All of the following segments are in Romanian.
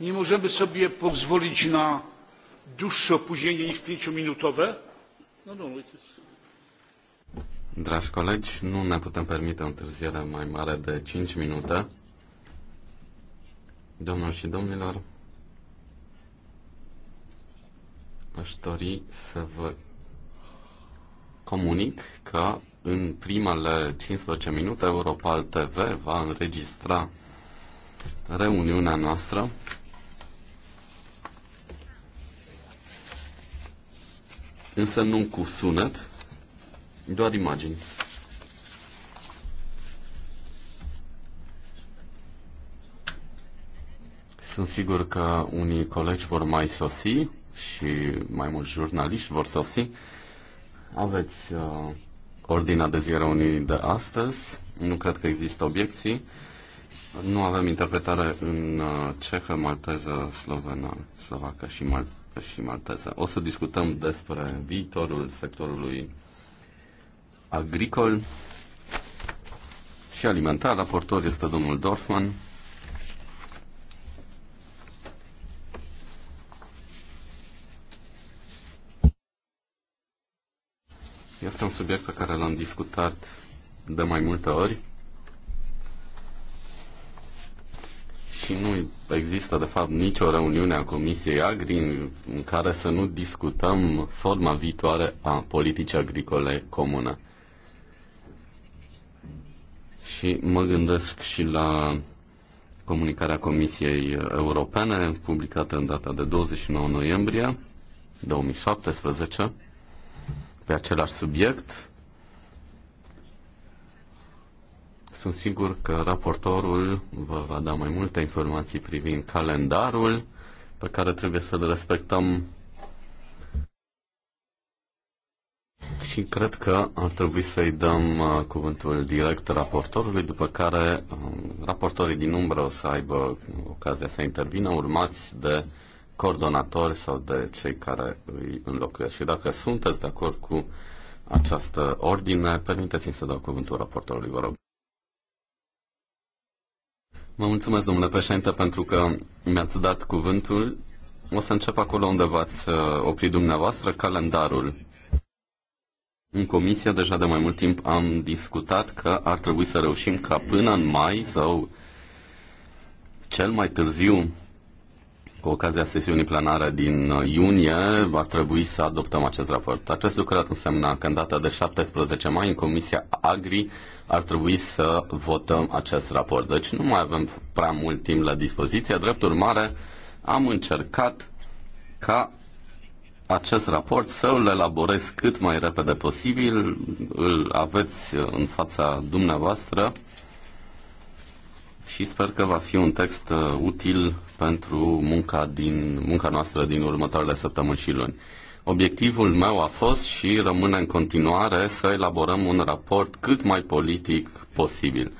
nie możemy sobie pozwolić na dłuższe opóźnienie niż pięciominutowe. No, no, no, Dragi colegi, nu ne putem permite o întârziere mai mare de 5 minute. Domnul și domnilor, aș dori să vă comunic că în primele 15 minute Europal TV va înregistra reuniunea noastră însă nu cu sunet, doar imagini. Sunt sigur că unii colegi vor mai sosi și mai mulți jurnaliști vor sosi. Aveți uh, ordinea de zi a de astăzi. Nu cred că există obiecții. Nu avem interpretare în uh, cehă, malteză, slovenă, slovacă și malteză și malteză. O să discutăm despre viitorul sectorului agricol și alimentar. Raportor este domnul Dorfman. Este un subiect pe care l-am discutat de mai multe ori. și nu există, de fapt, nicio reuniune a Comisiei Agri în care să nu discutăm forma viitoare a politicii agricole comune. Și mă gândesc și la comunicarea Comisiei Europene, publicată în data de 29 noiembrie 2017, pe același subiect, Sunt sigur că raportorul vă va da mai multe informații privind calendarul pe care trebuie să-l respectăm și cred că ar trebui să-i dăm uh, cuvântul direct raportorului, după care um, raportorii din umbră o să aibă ocazia să intervină, urmați de coordonatori sau de cei care îi înlocuiesc. Și dacă sunteți de acord cu această ordine, permiteți-mi să dau cuvântul raportorului, vă rog. Mă mulțumesc, domnule președinte, pentru că mi-ați dat cuvântul. O să încep acolo unde v-ați uh, oprit dumneavoastră, calendarul. În comisie deja de mai mult timp am discutat că ar trebui să reușim ca până în mai sau cel mai târziu cu ocazia sesiunii plenare din iunie, ar trebui să adoptăm acest raport. Acest lucru ar însemna că în data de 17 mai, în Comisia Agri, ar trebui să votăm acest raport. Deci nu mai avem prea mult timp la dispoziție. Drept urmare, am încercat ca acest raport să îl elaborez cât mai repede posibil, îl aveți în fața dumneavoastră și sper că va fi un text uh, util pentru munca, din, munca noastră din următoarele săptămâni și luni. Obiectivul meu a fost și rămâne în continuare să elaborăm un raport cât mai politic posibil.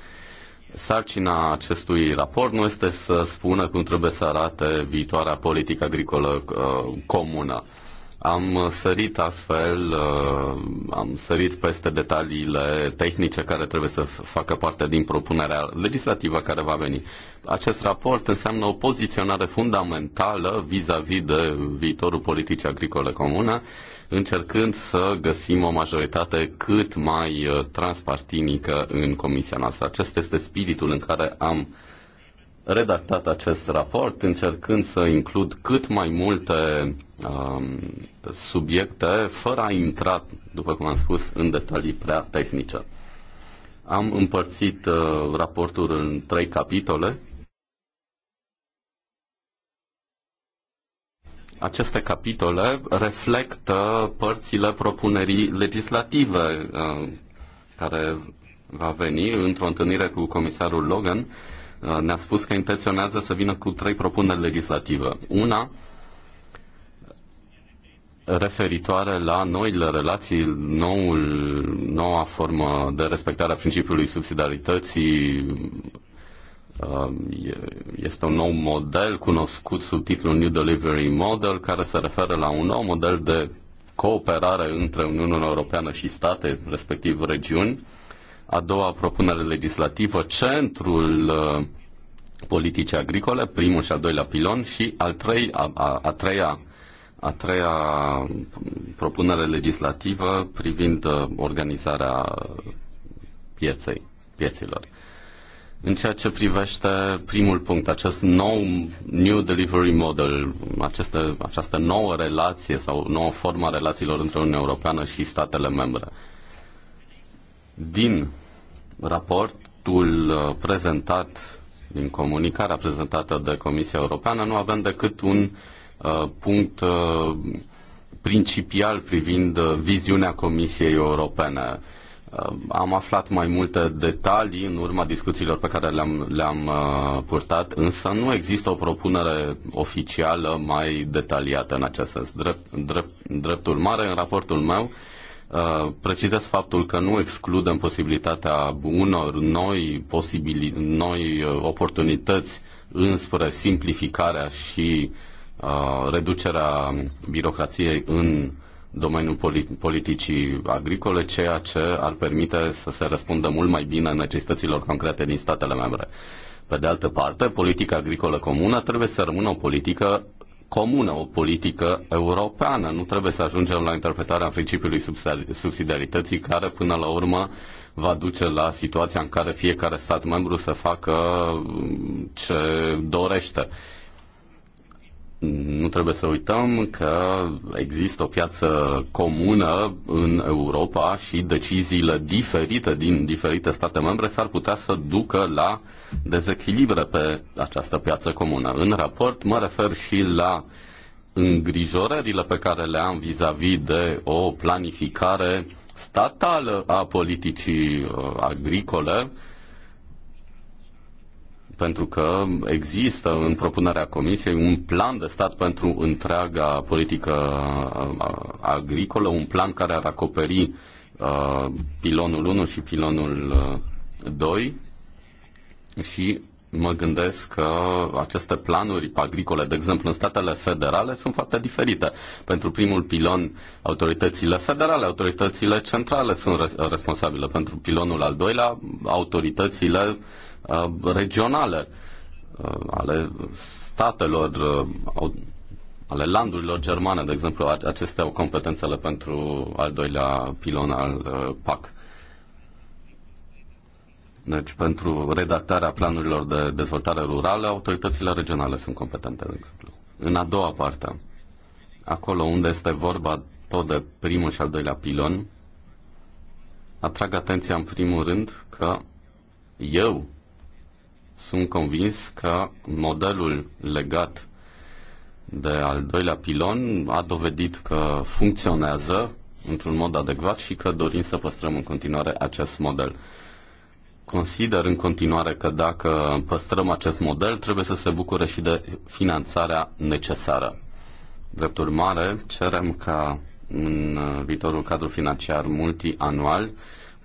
Sarcina acestui raport nu este să spună cum trebuie să arate viitoarea politică agricolă uh, comună. Am sărit astfel, uh, am sărit peste detaliile tehnice care trebuie să facă parte din propunerea legislativă care va veni. Acest raport înseamnă o poziționare fundamentală vis-a-vis -vis de viitorul politicii agricole comune, încercând să găsim o majoritate cât mai uh, transpartinică în comisia noastră. Acesta este spiritul în care am redactat acest raport, încercând să includ cât mai multe um, subiecte, fără a intra, după cum am spus, în detalii prea tehnice. Am împărțit uh, raportul în trei capitole. Aceste capitole reflectă părțile propunerii legislative uh, care va veni într-o întâlnire cu comisarul Logan Uh, ne-a spus că intenționează să vină cu trei propuneri legislative. Una referitoare la noile relații, noul, noua formă de respectare a principiului subsidiarității uh, este un nou model cunoscut sub titlul New Delivery Model care se referă la un nou model de cooperare între Uniunea Europeană și state, respectiv regiuni, a doua propunere legislativă, centrul uh, politice agricole, primul și al doilea pilon și al trei, a, a, a treia a treia propunere legislativă privind uh, organizarea pieței, pieților. În ceea ce privește primul punct, acest nou New Delivery Model, aceste, această nouă relație sau nouă formă a relațiilor între Uniunea Europeană și statele membre. Uh, din raportul uh, prezentat, din comunicarea prezentată de Comisia Europeană, nu avem decât un uh, punct uh, principial privind uh, viziunea Comisiei Europene. Uh, am aflat mai multe detalii în urma discuțiilor pe care le-am, le-am uh, purtat, însă nu există o propunere oficială mai detaliată în acest sens. Drept, drept, drept urmare, în raportul meu, uh, Uh, precizez faptul că nu excludem posibilitatea unor noi, posibili, noi uh, oportunități înspre simplificarea și uh, reducerea birocrației în domeniul politicii agricole, ceea ce ar permite să se răspundă mult mai bine necesităților concrete din statele membre. Pe de altă parte, politica agricolă comună trebuie să rămână o politică comună, o politică europeană. Nu trebuie să ajungem la interpretarea principiului subsidiarității, care până la urmă va duce la situația în care fiecare stat membru să facă ce dorește nu trebuie să uităm că există o piață comună în Europa și deciziile diferite din diferite state membre s-ar putea să ducă la dezechilibre pe această piață comună. În raport mă refer și la îngrijorările pe care le am vis-a-vis -vis de o planificare statală a politicii uh, agricole pentru că există în propunerea Comisiei un plan de stat pentru întreaga politică uh, agricolă, un plan care ar acoperi uh, pilonul 1 și pilonul 2 uh, și mă gândesc că aceste planuri agricole, de exemplu, în statele federale sunt foarte diferite. Pentru primul pilon, autoritățile federale, autoritățile centrale sunt responsabile. Pentru pilonul al doilea, autoritățile uh, Uh, regionale uh, ale statelor, uh, ale landurilor germane, de exemplu, acestea au competențele pentru al doilea pilon al PAC. Deci, pentru redactarea planurilor de dezvoltare rurală, autoritățile regionale sunt competente, de exemplu. În a doua parte, acolo unde este vorba tot de primul și al doilea pilon, atrag atenția în primul rând că eu sunt convins că modelul legat de al doilea pilon a dovedit că funcționează într-un mod adecvat și că dorim să păstrăm în continuare acest model. Consider în continuare că dacă păstrăm acest model, trebuie să se bucure și de finanțarea necesară. Drept urmare, cerem ca în viitorul cadru financiar multianual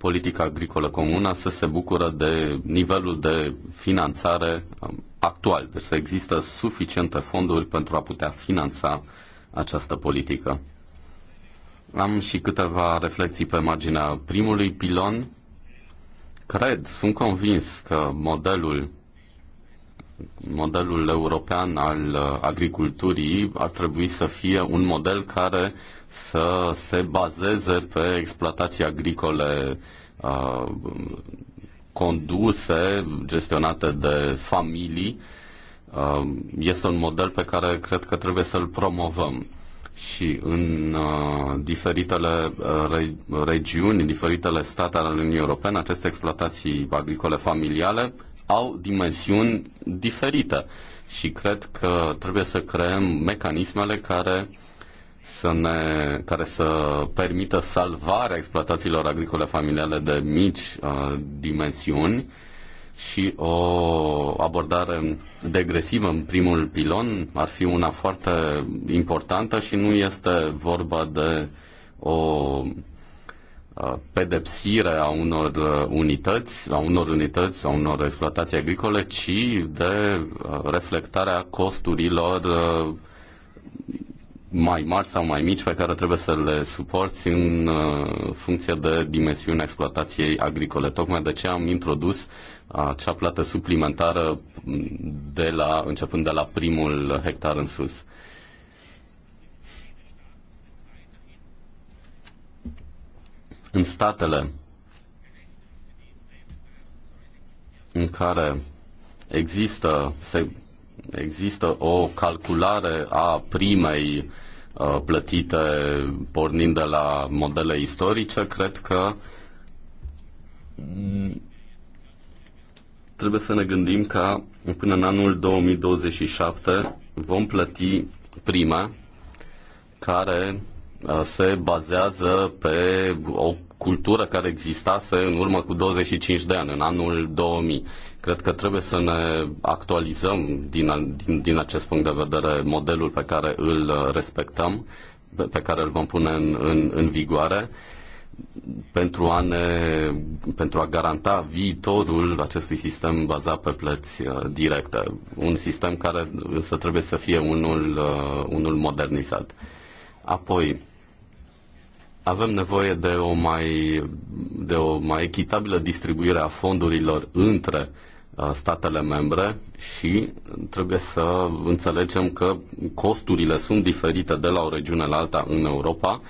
politica agricolă comună să se bucură de nivelul de finanțare um, actual, deci să există suficiente fonduri pentru a putea finanța această politică. Am și câteva reflexii pe marginea primului pilon. Cred, sunt convins că modelul modelul european al uh, agriculturii ar trebui să fie un model care să se bazeze pe exploatații agricole uh, conduse, gestionate de familii. Uh, este un model pe care cred că trebuie să-l promovăm și în uh, diferitele re- regiuni, în diferitele state ale Uniunii Europene, aceste exploatații agricole familiale au dimensiuni diferite și cred că trebuie să creăm mecanismele care să ne, care să permită salvarea exploatațiilor agricole familiale de mici uh, dimensiuni și o abordare degresivă în primul pilon ar fi una foarte importantă și nu este vorba de o pedepsire a unor uh, unități, a unor unități, a unor exploatații agricole, ci de uh, reflectarea costurilor uh, mai mari sau mai mici pe care trebuie să le suporți în funcție de dimensiunea exploatației agricole. Tocmai de ce am introdus acea plată suplimentară de la, începând de la primul hectar în sus. în statele în care există, se, există o calculare a primei uh, plătite pornind de la modele istorice, cred că mm, trebuie să ne gândim că până în anul 2027 vom plăti prima care se bazează pe o cultură care existase în urmă cu 25 de ani, în anul 2000. Cred că trebuie să ne actualizăm din, din, din acest punct de vedere modelul pe care îl respectăm, pe care îl vom pune în, în, în vigoare pentru a, ne, pentru a garanta viitorul acestui sistem bazat pe plăți directe. Un sistem care însă trebuie să fie unul, unul modernizat. Apoi, avem nevoie de o mai, de o mai echitabilă distribuire a fondurilor între uh, statele membre și trebuie să înțelegem că costurile sunt diferite de la o regiune la alta în Europa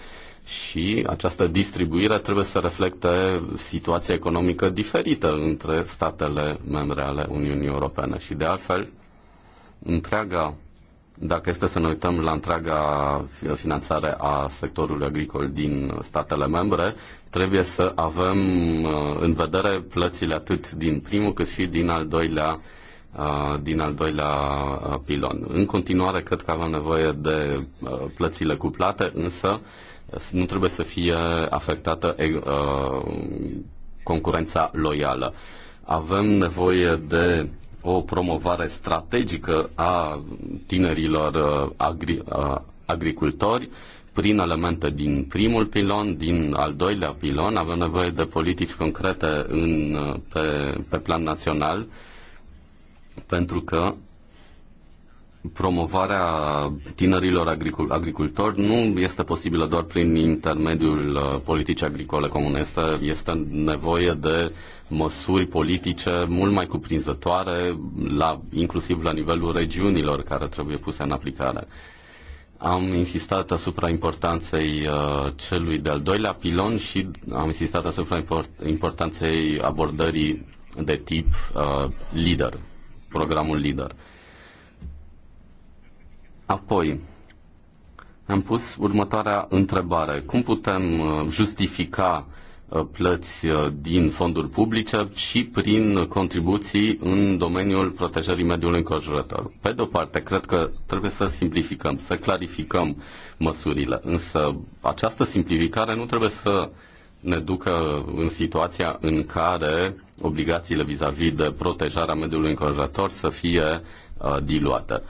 și această distribuire trebuie să reflecte situația economică diferită între statele membre ale Uniunii Europene și de altfel întreaga dacă este să ne uităm la întreaga finanțare a sectorului agricol din statele membre, trebuie să avem uh, în vedere plățile atât din primul cât și din al doilea uh, din al doilea uh, pilon. În continuare, cred că avem nevoie de plățile cuplate, însă nu trebuie să fie afectată concurența loială. Avem nevoie de o promovare strategică a tinerilor uh, agri- uh, agricultori prin elemente din primul pilon, din al doilea pilon. Avem nevoie de politici concrete în, uh, pe, pe plan național pentru că promovarea tinerilor agricul- agricultori nu este posibilă doar prin intermediul uh, politicii agricole comune. Este, este nevoie de măsuri politice mult mai cuprinzătoare, la, inclusiv la nivelul regiunilor care trebuie puse în aplicare. Am insistat asupra importanței uh, celui de-al doilea pilon și am insistat asupra import- importanței abordării de tip uh, lider, programul lider. Apoi, am pus următoarea întrebare. Cum putem uh, justifica uh, plăți uh, din fonduri publice și prin contribuții în domeniul protejării mediului înconjurător. Pe de-o parte, cred că trebuie să simplificăm, să clarificăm măsurile, însă această simplificare nu trebuie să ne ducă în situația în care obligațiile vis-a-vis -vis de protejarea mediului înconjurător să fie uh, diluate.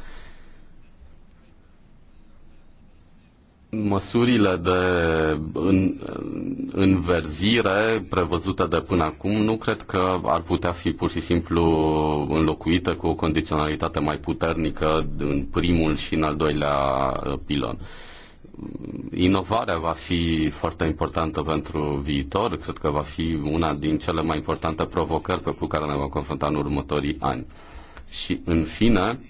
Măsurile de în, înverzire prevăzute de până acum nu cred că ar putea fi pur și simplu înlocuite cu o condiționalitate mai puternică în primul și în al doilea uh, pilon. Inovarea va fi foarte importantă pentru viitor, cred că va fi una din cele mai importante provocări pe care ne vom confrunta în următorii ani. Și, în fine,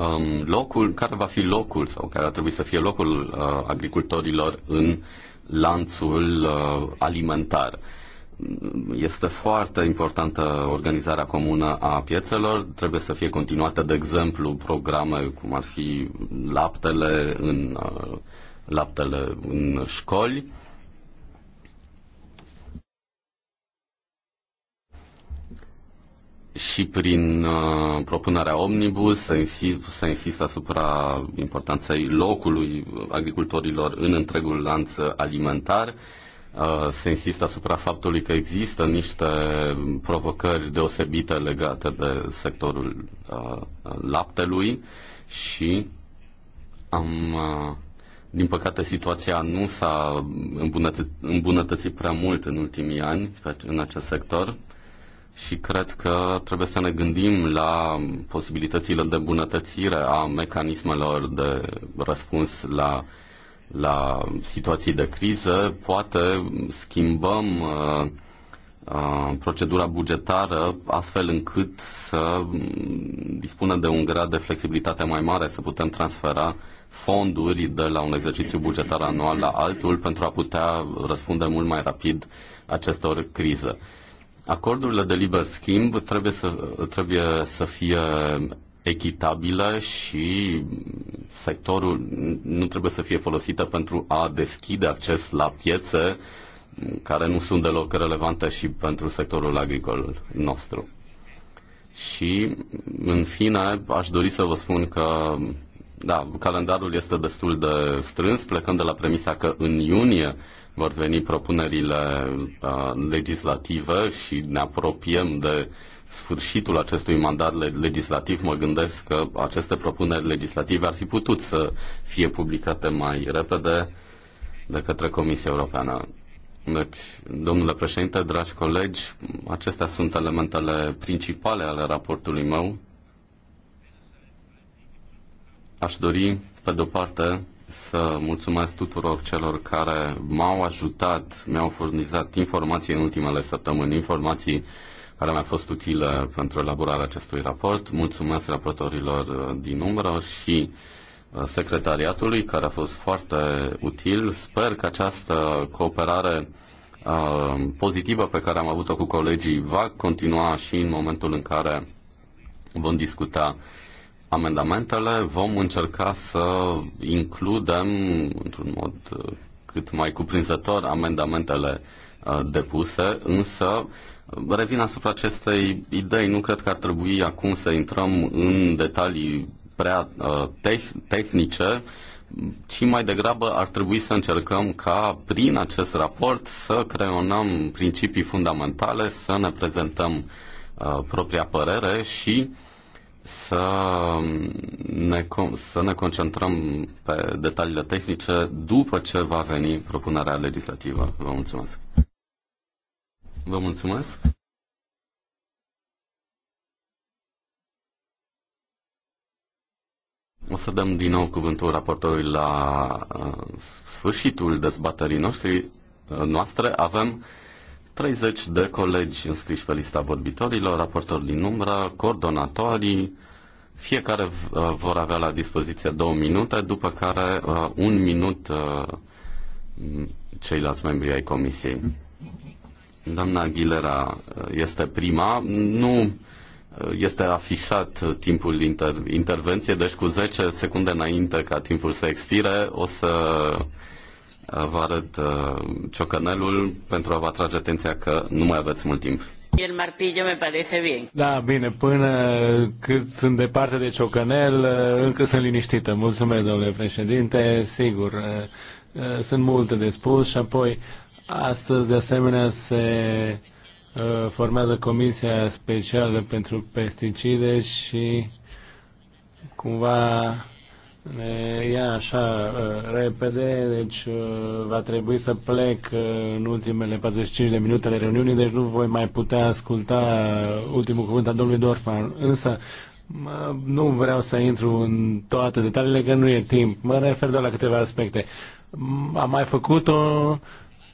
um, locul, care va fi locul sau care ar trebui să fie locul uh, agricultorilor în lanțul uh, alimentar. Este foarte importantă organizarea comună a piețelor, trebuie să fie continuată, de exemplu, programe cum ar fi laptele în, uh, laptele în școli și prin uh, propunerea Omnibus să insi- să insistă asupra importanței locului agricultorilor în întregul lanț alimentar. Uh, se insistă asupra faptului că există niște provocări deosebite legate de sectorul uh, laptelui și am, uh, din păcate situația nu s-a îmbunătățit, îmbunătățit prea mult în ultimii ani în acest sector. Uh, și cred că trebuie să ne gândim la posibilitățile de bunătățire a mecanismelor de răspuns la, la situații de criză. Poate schimbăm uh, uh, procedura bugetară astfel încât să dispună de un grad de flexibilitate mai mare, să putem transfera fonduri de la un exercițiu bugetar anual la altul pentru a putea răspunde mult mai rapid acestor crize. Acordurile de liber schimb trebuie să, trebuie să fie echitabile și sectorul nu trebuie să fie folosită pentru a deschide acces la piețe care nu sunt deloc relevante și pentru sectorul agricol nostru. Și, în fine, aș dori să vă spun că da, calendarul este destul de strâns, plecând de la premisa că în iunie vor veni propunerile legislative și ne apropiem de sfârșitul acestui mandat legislativ, mă gândesc că aceste propuneri legislative ar fi putut să fie publicate mai repede de către Comisia Europeană. Deci, domnule președinte, dragi colegi, acestea sunt elementele principale ale raportului meu. Aș dori, pe de-o parte, să mulțumesc tuturor celor care m-au ajutat, mi-au furnizat informații în ultimele săptămâni, informații care mi-a fost utilă pentru elaborarea acestui raport. Mulțumesc raportorilor uh, din umbră și uh, secretariatului, care a fost foarte util. Sper că această cooperare uh, pozitivă pe care am avut-o cu colegii va continua și în momentul în care vom discuta amendamentele vom încerca să includem într-un mod uh, cât mai cuprinzător amendamentele uh, depuse, însă uh, revin asupra acestei idei. Nu cred că ar trebui acum să intrăm în detalii prea tehnice, ci mai degrabă ar trebui să încercăm ca prin acest raport să creionăm principii fundamentale, să ne prezentăm propria părere și uh, să ne, să ne concentrăm pe detaliile tehnice după ce va veni propunerea legislativă. Vă mulțumesc. Vă mulțumesc. O să dăm din nou cuvântul raportorului la uh, sfârșitul dezbaterii noștri, uh, noastre. Avem 30 de colegi înscriși pe lista vorbitorilor, raportori din umbră, coordonatorii, fiecare uh, vor avea la dispoziție două minute, după care uh, un minut uh, ceilalți membri ai comisiei. Doamna Aguilera este prima. Nu este afișat timpul inter- intervenție, deci cu 10 secunde înainte ca timpul să expire o să Uh, vă arăt uh, ciocanelul pentru a vă atrage atenția că nu mai aveți mult timp. El martillo me parece bien. Da, bine, până cât sunt departe de ciocanel, uh, încă sunt liniștită. Mulțumesc, domnule președinte, sigur. Sunt multe de spus și apoi astăzi, de asemenea, se formează Comisia Specială pentru Pesticide și cumva ne ia așa uh, repede, deci uh, va trebui să plec uh, în ultimele 45 de minute ale reuniunii, deci nu voi mai putea asculta ultimul cuvânt al domnului Dorfman. Însă nu vreau să intru în toate detaliile, că nu e timp. Mă refer doar la câteva aspecte. Am mai făcut-o,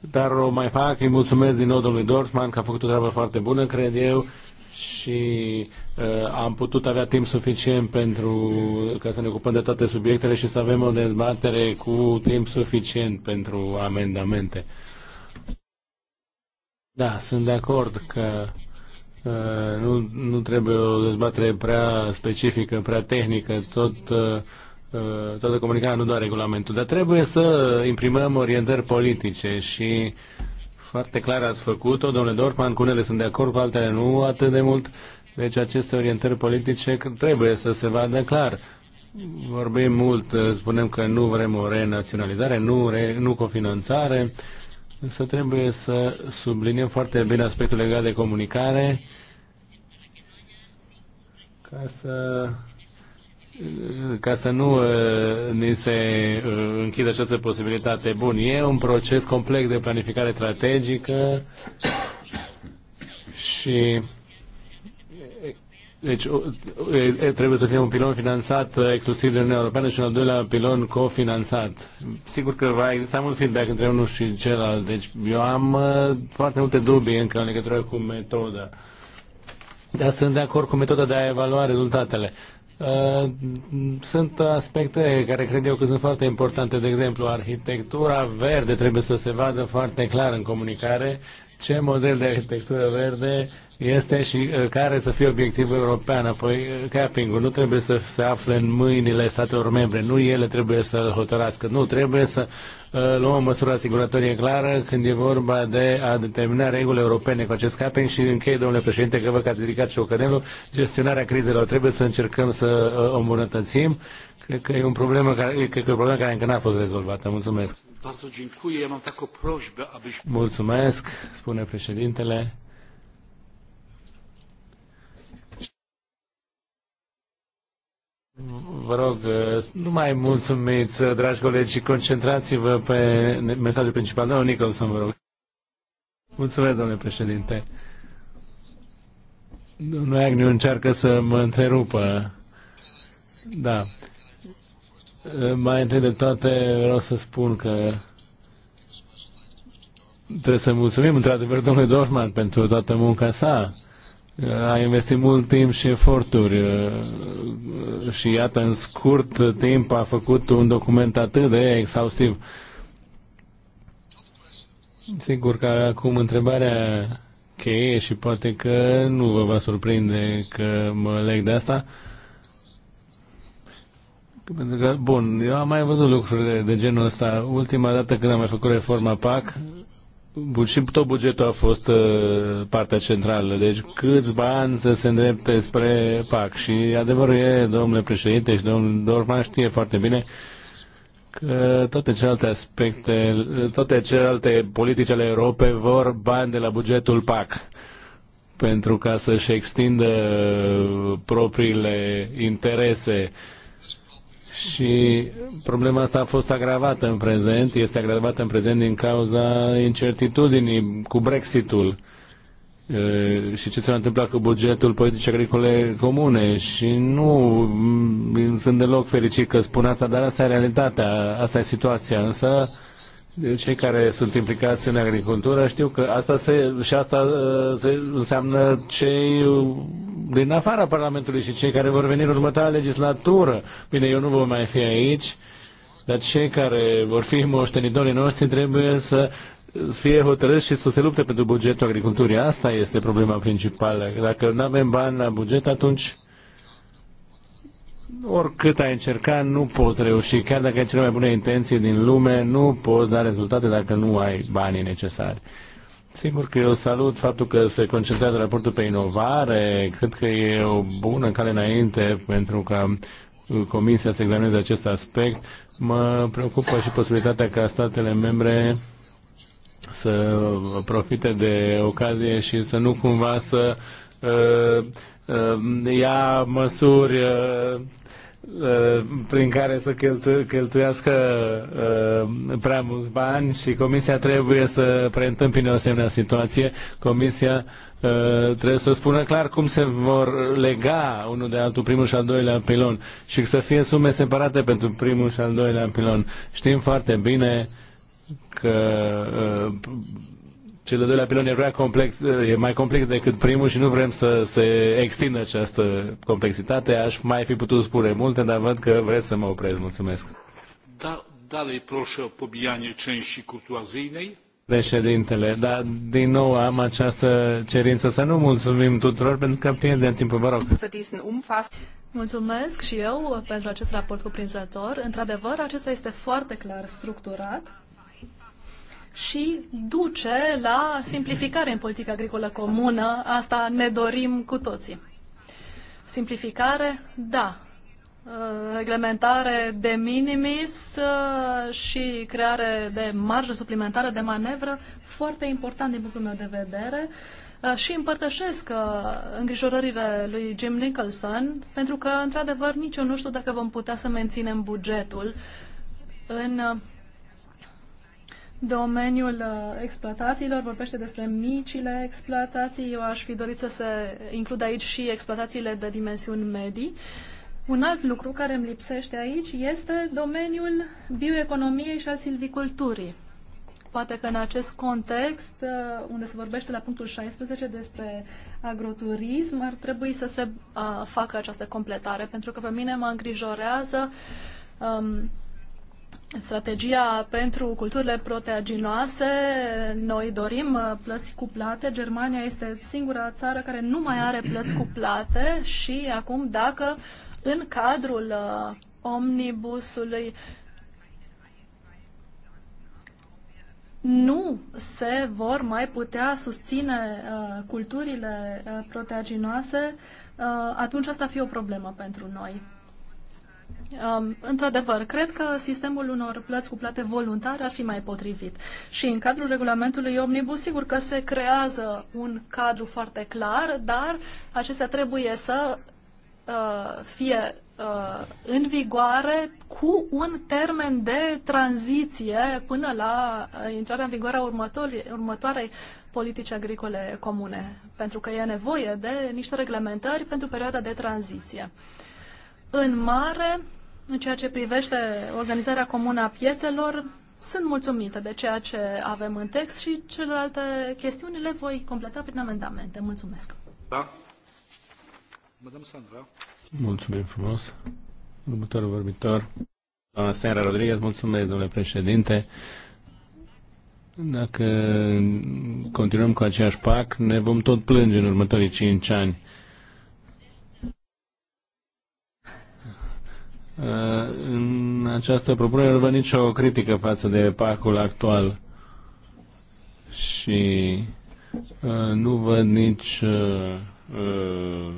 dar o mai fac. Îi mulțumesc din nou domnului Dorfman, că a făcut o treabă foarte bună, cred eu și uh, am putut avea timp suficient pentru ca să ne ocupăm de toate subiectele și să avem o dezbatere cu timp suficient pentru amendamente. Da, sunt de acord că uh, nu, nu trebuie o dezbatere prea specifică, prea tehnică, tot uh, uh toată comunicarea, nu doar regulamentul, dar trebuie să imprimăm orientări politice și uh, foarte clar ați făcut-o, domnule Dorfman, cu unele sunt de acord, cu altele nu atât de mult. Deci aceste orientări politice trebuie să se vadă clar. Vorbim mult, uh, spunem că nu vrem o renaționalizare, nu, re, nu cofinanțare, însă trebuie să subliniem foarte bine aspectul legat de comunicare ca să ca să nu uh, ni se uh, închidă această posibilitate. Bun, e un proces complex de planificare strategică și deci trebuie să fie un pilon finanțat uh, exclusiv de Uniunea Europeană și un al doilea pilon cofinanțat. Sigur că va exista mult feedback între unul și celălalt. Deci eu am foarte multe dubii încă în legătură cu metoda. Dar sunt de acord cu metoda de a evalua rezultatele. Uh, sunt aspecte care cred eu că sunt foarte importante. De exemplu, arhitectura verde trebuie să se vadă foarte clar în comunicare, ce model de arhitectură verde este și uh, care să fie obiectivul european. Apoi, uh, capping-ul nu trebuie să se afle în mâinile statelor membre, nu ele trebuie să-l hotărască, nu, trebuie să uh, luăm o măsură asiguratorie clară când e vorba de a determina regulile europene cu acest capping și închei, domnule președinte, că vă că a dedicat și o Ocănelul, gestionarea crizelor. Trebuie să încercăm să o îmbunătățim Cred că e un problemă care, cred că e o problemă care încă n-a fost rezolvată. Mulțumesc. Mulțumesc, spune președintele. Vă rog, nu mai mulțumiți, dragi colegi, și concentrați-vă pe mesajul principal. Domnul Nicholson, vă rog. Mulțumesc, domnule președinte. Domnul Agniu încearcă să mă întrerupă. Da. Mai întâi de toate vreau să spun că trebuie să mulțumim într-adevăr domnului Dorfman pentru toată munca sa. A investit mult timp și eforturi uh, și iată, în scurt timp a făcut un document atât de exhaustiv. Sigur că acum întrebarea cheie și poate că nu vă va surprinde că mă leg de asta, uh, pentru că, bun, eu am mai văzut lucruri de, de genul ăsta. Ultima dată când am mai făcut reforma PAC, și tot bugetul a fost uh, partea centrală. Deci câți bani să se îndrepte spre PAC. Și adevărul e, domnule președinte și domnul Dorfman știe foarte bine, că toate celelalte aspecte, toate celelalte politici ale Europei vor bani de la bugetul PAC pentru ca să-și extindă uh, propriile interese și problema asta a fost agravată în prezent, este agravată în prezent din cauza incertitudinii cu Brexitul și ce se va întâmpla cu bugetul politicii agricole comune și nu sunt deloc fericit că spun asta, dar asta e realitatea, asta e situația, însă deci cei care sunt implicați în agricultură știu că asta se, și asta uh, se, înseamnă cei din afara Parlamentului și cei care vor veni în următoarea legislatură. Bine, eu nu voi mai fi aici, dar cei care vor fi moștenitorii noștri trebuie să fie hotărâți și să se lupte pentru bugetul agriculturii. Asta este problema principală. Dacă nu avem bani la buget, atunci oricât ai încerca, nu poți reuși. Chiar dacă ai cele mai bune intenții din lume, nu poți da rezultate dacă nu ai banii necesari. Sigur că eu salut faptul că se concentrează raportul pe inovare. Cred că e o bună cale înainte pentru că Comisia să examineze acest aspect. Mă preocupă și posibilitatea ca statele membre să profite de ocazie și să nu cumva să uh, Uh, ia măsuri uh, uh, prin care să cheltu- cheltuiască prea mulți bani și Comisia trebuie să preîntâmpine o asemenea situație. Comisia trebuie să spună clar cum se vor lega unul de altul primul și al doilea pilon și să fie sume separate pentru primul și al doilea pilon. Știm foarte bine că cel de-al doilea pilon e, prea complex, e mai complex decât primul și nu vrem să se extindă această complexitate. Aș mai fi putut spune multe, dar văd că vreți să mă opresc. Mulțumesc. Da, dalej proszę o pobijanie części kurtuazyjnej. Președintele, dar din nou am această cerință să nu mulțumim tuturor pentru că pierdem timpul, vă rog. Mulțumesc și eu pentru acest raport cuprinzător. Într-adevăr, acesta este foarte clar structurat și duce la simplificare în politica agricolă comună. Asta ne dorim cu toții. Simplificare, da. Uh, reglementare de minimis uh, și creare de marjă suplimentară de manevră, foarte important din punctul meu de vedere. Uh, și împărtășesc îngrijorările lui Jim Nicholson, pentru că, într-adevăr, nici eu nu știu dacă vom putea să menținem bugetul în Domeniul uh, exploatațiilor vorbește despre micile exploatații. Eu aș fi dorit să se includă aici și exploatațiile de dimensiuni medii. Un alt lucru care îmi lipsește aici este domeniul bioeconomiei și al silviculturii. Poate că în acest context, uh, unde se vorbește la punctul 16 despre agroturism, ar trebui să se uh, facă această completare, pentru că pe mine mă îngrijorează um, strategia pentru culturile proteaginoase, noi dorim uh, plăți cu plate. Germania este singura țară care nu mai are plăți cu plate și acum dacă în cadrul uh, omnibusului nu se vor mai putea susține uh, culturile uh, proteaginoase, uh, atunci asta fi o problemă pentru noi. Um, într-adevăr, cred că sistemul unor plăți cu plate voluntare ar fi mai potrivit. Și în cadrul regulamentului Omnibus, sigur că se creează un cadru foarte clar, dar acestea trebuie să uh, fie uh, în vigoare cu un termen de tranziție până la uh, intrarea în vigoare a următoarei politici agricole comune, pentru că e nevoie de niște reglementări pentru perioada de tranziție. Uh, în mare, în ceea ce privește organizarea comună a piețelor, sunt mulțumită de ceea ce avem în text și celelalte chestiuni le voi completa prin amendamente. Mulțumesc. Da. Madame Sandra. Mulțumim frumos. Următorul vorbitor. Doamna Sandra Rodriguez, mulțumesc, domnule președinte. Dacă continuăm cu aceeași PAC, ne vom tot plânge în următorii cinci ani Uh, în această propunere nu văd nicio critică față de pacul actual și uh, nu văd nici uh,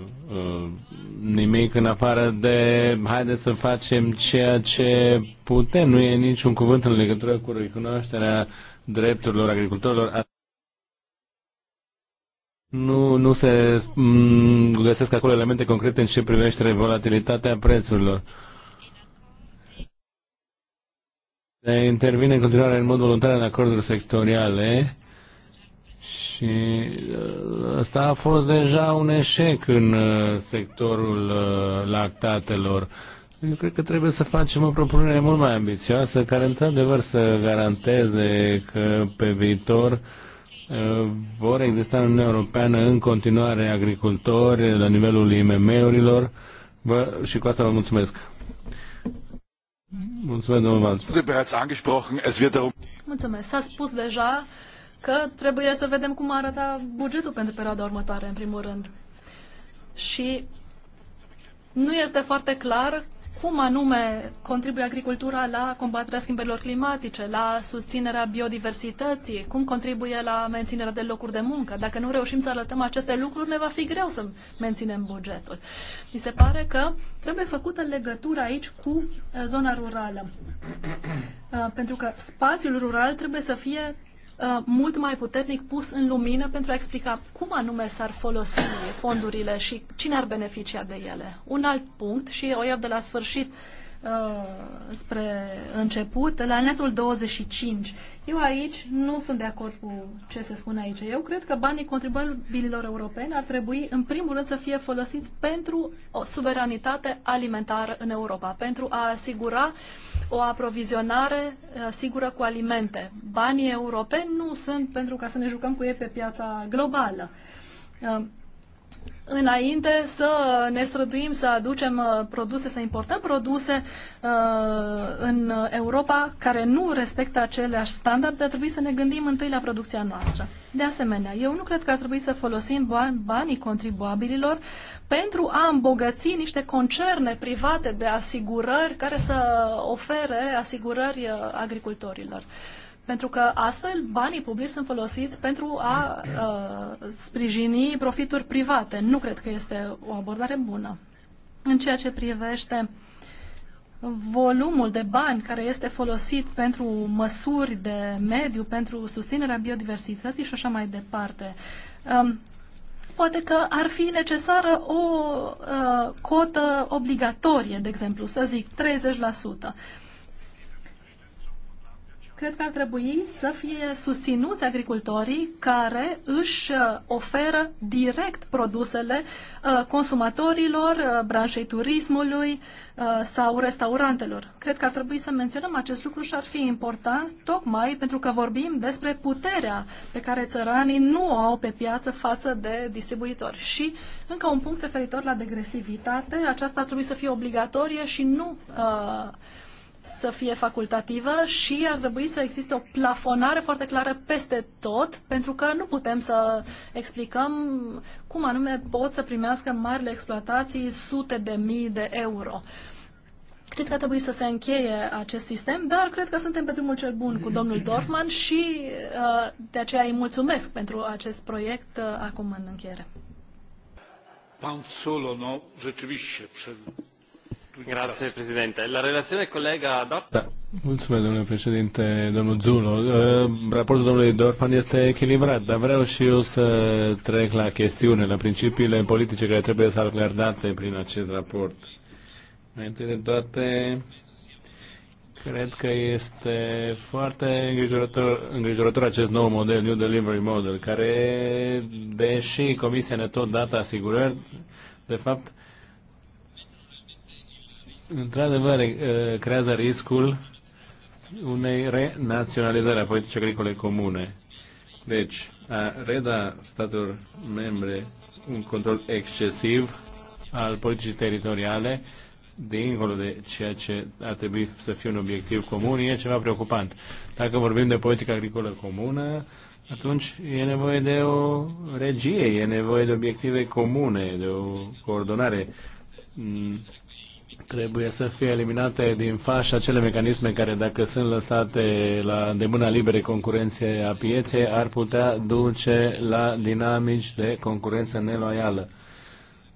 nimic în afară de haide să facem ceea ce putem. Nu e niciun cuvânt în legătură cu recunoașterea drepturilor agricultorilor. Nu, nu se mm, găsesc acolo elemente concrete în ce privește volatilitatea prețurilor. Uh, se intervine în continuare în mod voluntar în acorduri sectoriale și asta uh, a fost deja un eșec în uh, sectorul uh, lactatelor. Eu cred că trebuie să facem o propunere mult mai ambițioasă, care într-adevăr să garanteze că pe viitor vor exista în Uniunea Europeană în continuare agricultori la nivelul IMM-urilor și cu asta vă mulțumesc. Mulțumesc, S-a spus deja că trebuie să vedem cum arăta bugetul pentru perioada următoare, în primul rând. Și nu este foarte clar cum anume contribuie agricultura la combaterea schimbărilor climatice, la susținerea biodiversității, cum contribuie la menținerea de locuri de muncă. Dacă nu reușim să arătăm aceste lucruri, ne va fi greu să menținem bugetul. Mi se pare că trebuie făcută legătura aici cu eh, zona rurală. Eh, pentru că spațiul rural trebuie să fie Uh, mult mai puternic pus în lumină pentru a explica cum anume s-ar folosi fondurile și cine ar beneficia de ele. Un alt punct, și o iau de la sfârșit, uh, Uh, spre început, la netul 25. Eu aici nu sunt de acord cu ce se spune aici. Eu cred că banii contribuabililor europeni ar trebui, în primul rând, să fie folosiți pentru o suveranitate alimentară în Europa, pentru a asigura o aprovizionare uh, sigură cu alimente. Banii europeni nu sunt pentru ca să ne jucăm cu ei pe piața globală. Uh, înainte să ne străduim să aducem uh, produse, să importăm produse uh, în Europa care nu respectă aceleași standarde, ar trebui să ne gândim întâi la producția noastră. De asemenea, eu nu cred că ar trebui să folosim bani, banii contribuabililor pentru a îmbogăți niște concerne private de asigurări care să ofere asigurări uh, agricultorilor. Pentru că astfel banii publici sunt folosiți pentru a uh, sprijini profituri private. Nu cred că este o abordare bună. În ceea ce privește volumul de bani care este folosit pentru măsuri de mediu, pentru susținerea biodiversității și așa mai departe. Um, poate că ar fi necesară o uh, cotă obligatorie, de exemplu, să zic 30% cred că ar trebui să fie susținuți agricultorii care își uh, oferă direct produsele uh, consumatorilor, uh, branșei turismului sau restaurantelor. Cred că ar trebui să menționăm acest lucru și ar fi important tocmai pentru că vorbim despre puterea pe care țăranii nu o au pe piață față de distribuitori. Și încă un punct referitor la degresivitate, aceasta ar trebui să fie obligatorie și nu uh, să fie facultativă și ar trebui să existe o plafonare foarte clară peste tot, pentru că nu putem să explicăm cum anume pot să primească marile exploatații sute de mii de euro. Cred că ar trebui să se încheie acest sistem, dar cred că suntem pe drumul cel bun cu domnul Dorfman și uh, de aceea îi mulțumesc pentru acest proiect uh, acum în încheiere. Pan no, rzeczywiście, przed Grazie, Presidente. La relazione Dorfman... Da, mulțumesc, domnule președinte, domnul Zulo. Uh, raportul domnului Dorfman este echilibrat, dar vreau și eu să trec la chestiune, la principiile politice care trebuie salvgardate prin acest raport. Mai întâi de toate, Cred că este foarte îngrijorător, îngrijorător acest nou model, New Delivery Model, care, deși Comisia ne tot dată asigurări, de fapt într-adevăr, creează riscul unei renaționalizări a politicii agricole comune. Deci, a reda statelor membre un control excesiv al politicii teritoriale, dincolo de ceea ce ar trebui să fie un obiectiv comun, e ceva preocupant. Dacă vorbim de politică agricolă comună, atunci e nevoie de o regie, e nevoie de obiective comune, de o coordonare mm, Trebuie să fie eliminate din fașa acele mecanisme care, dacă sunt lăsate la mâna libere concurenție a pieței, ar putea duce la dinamici de concurență neloială.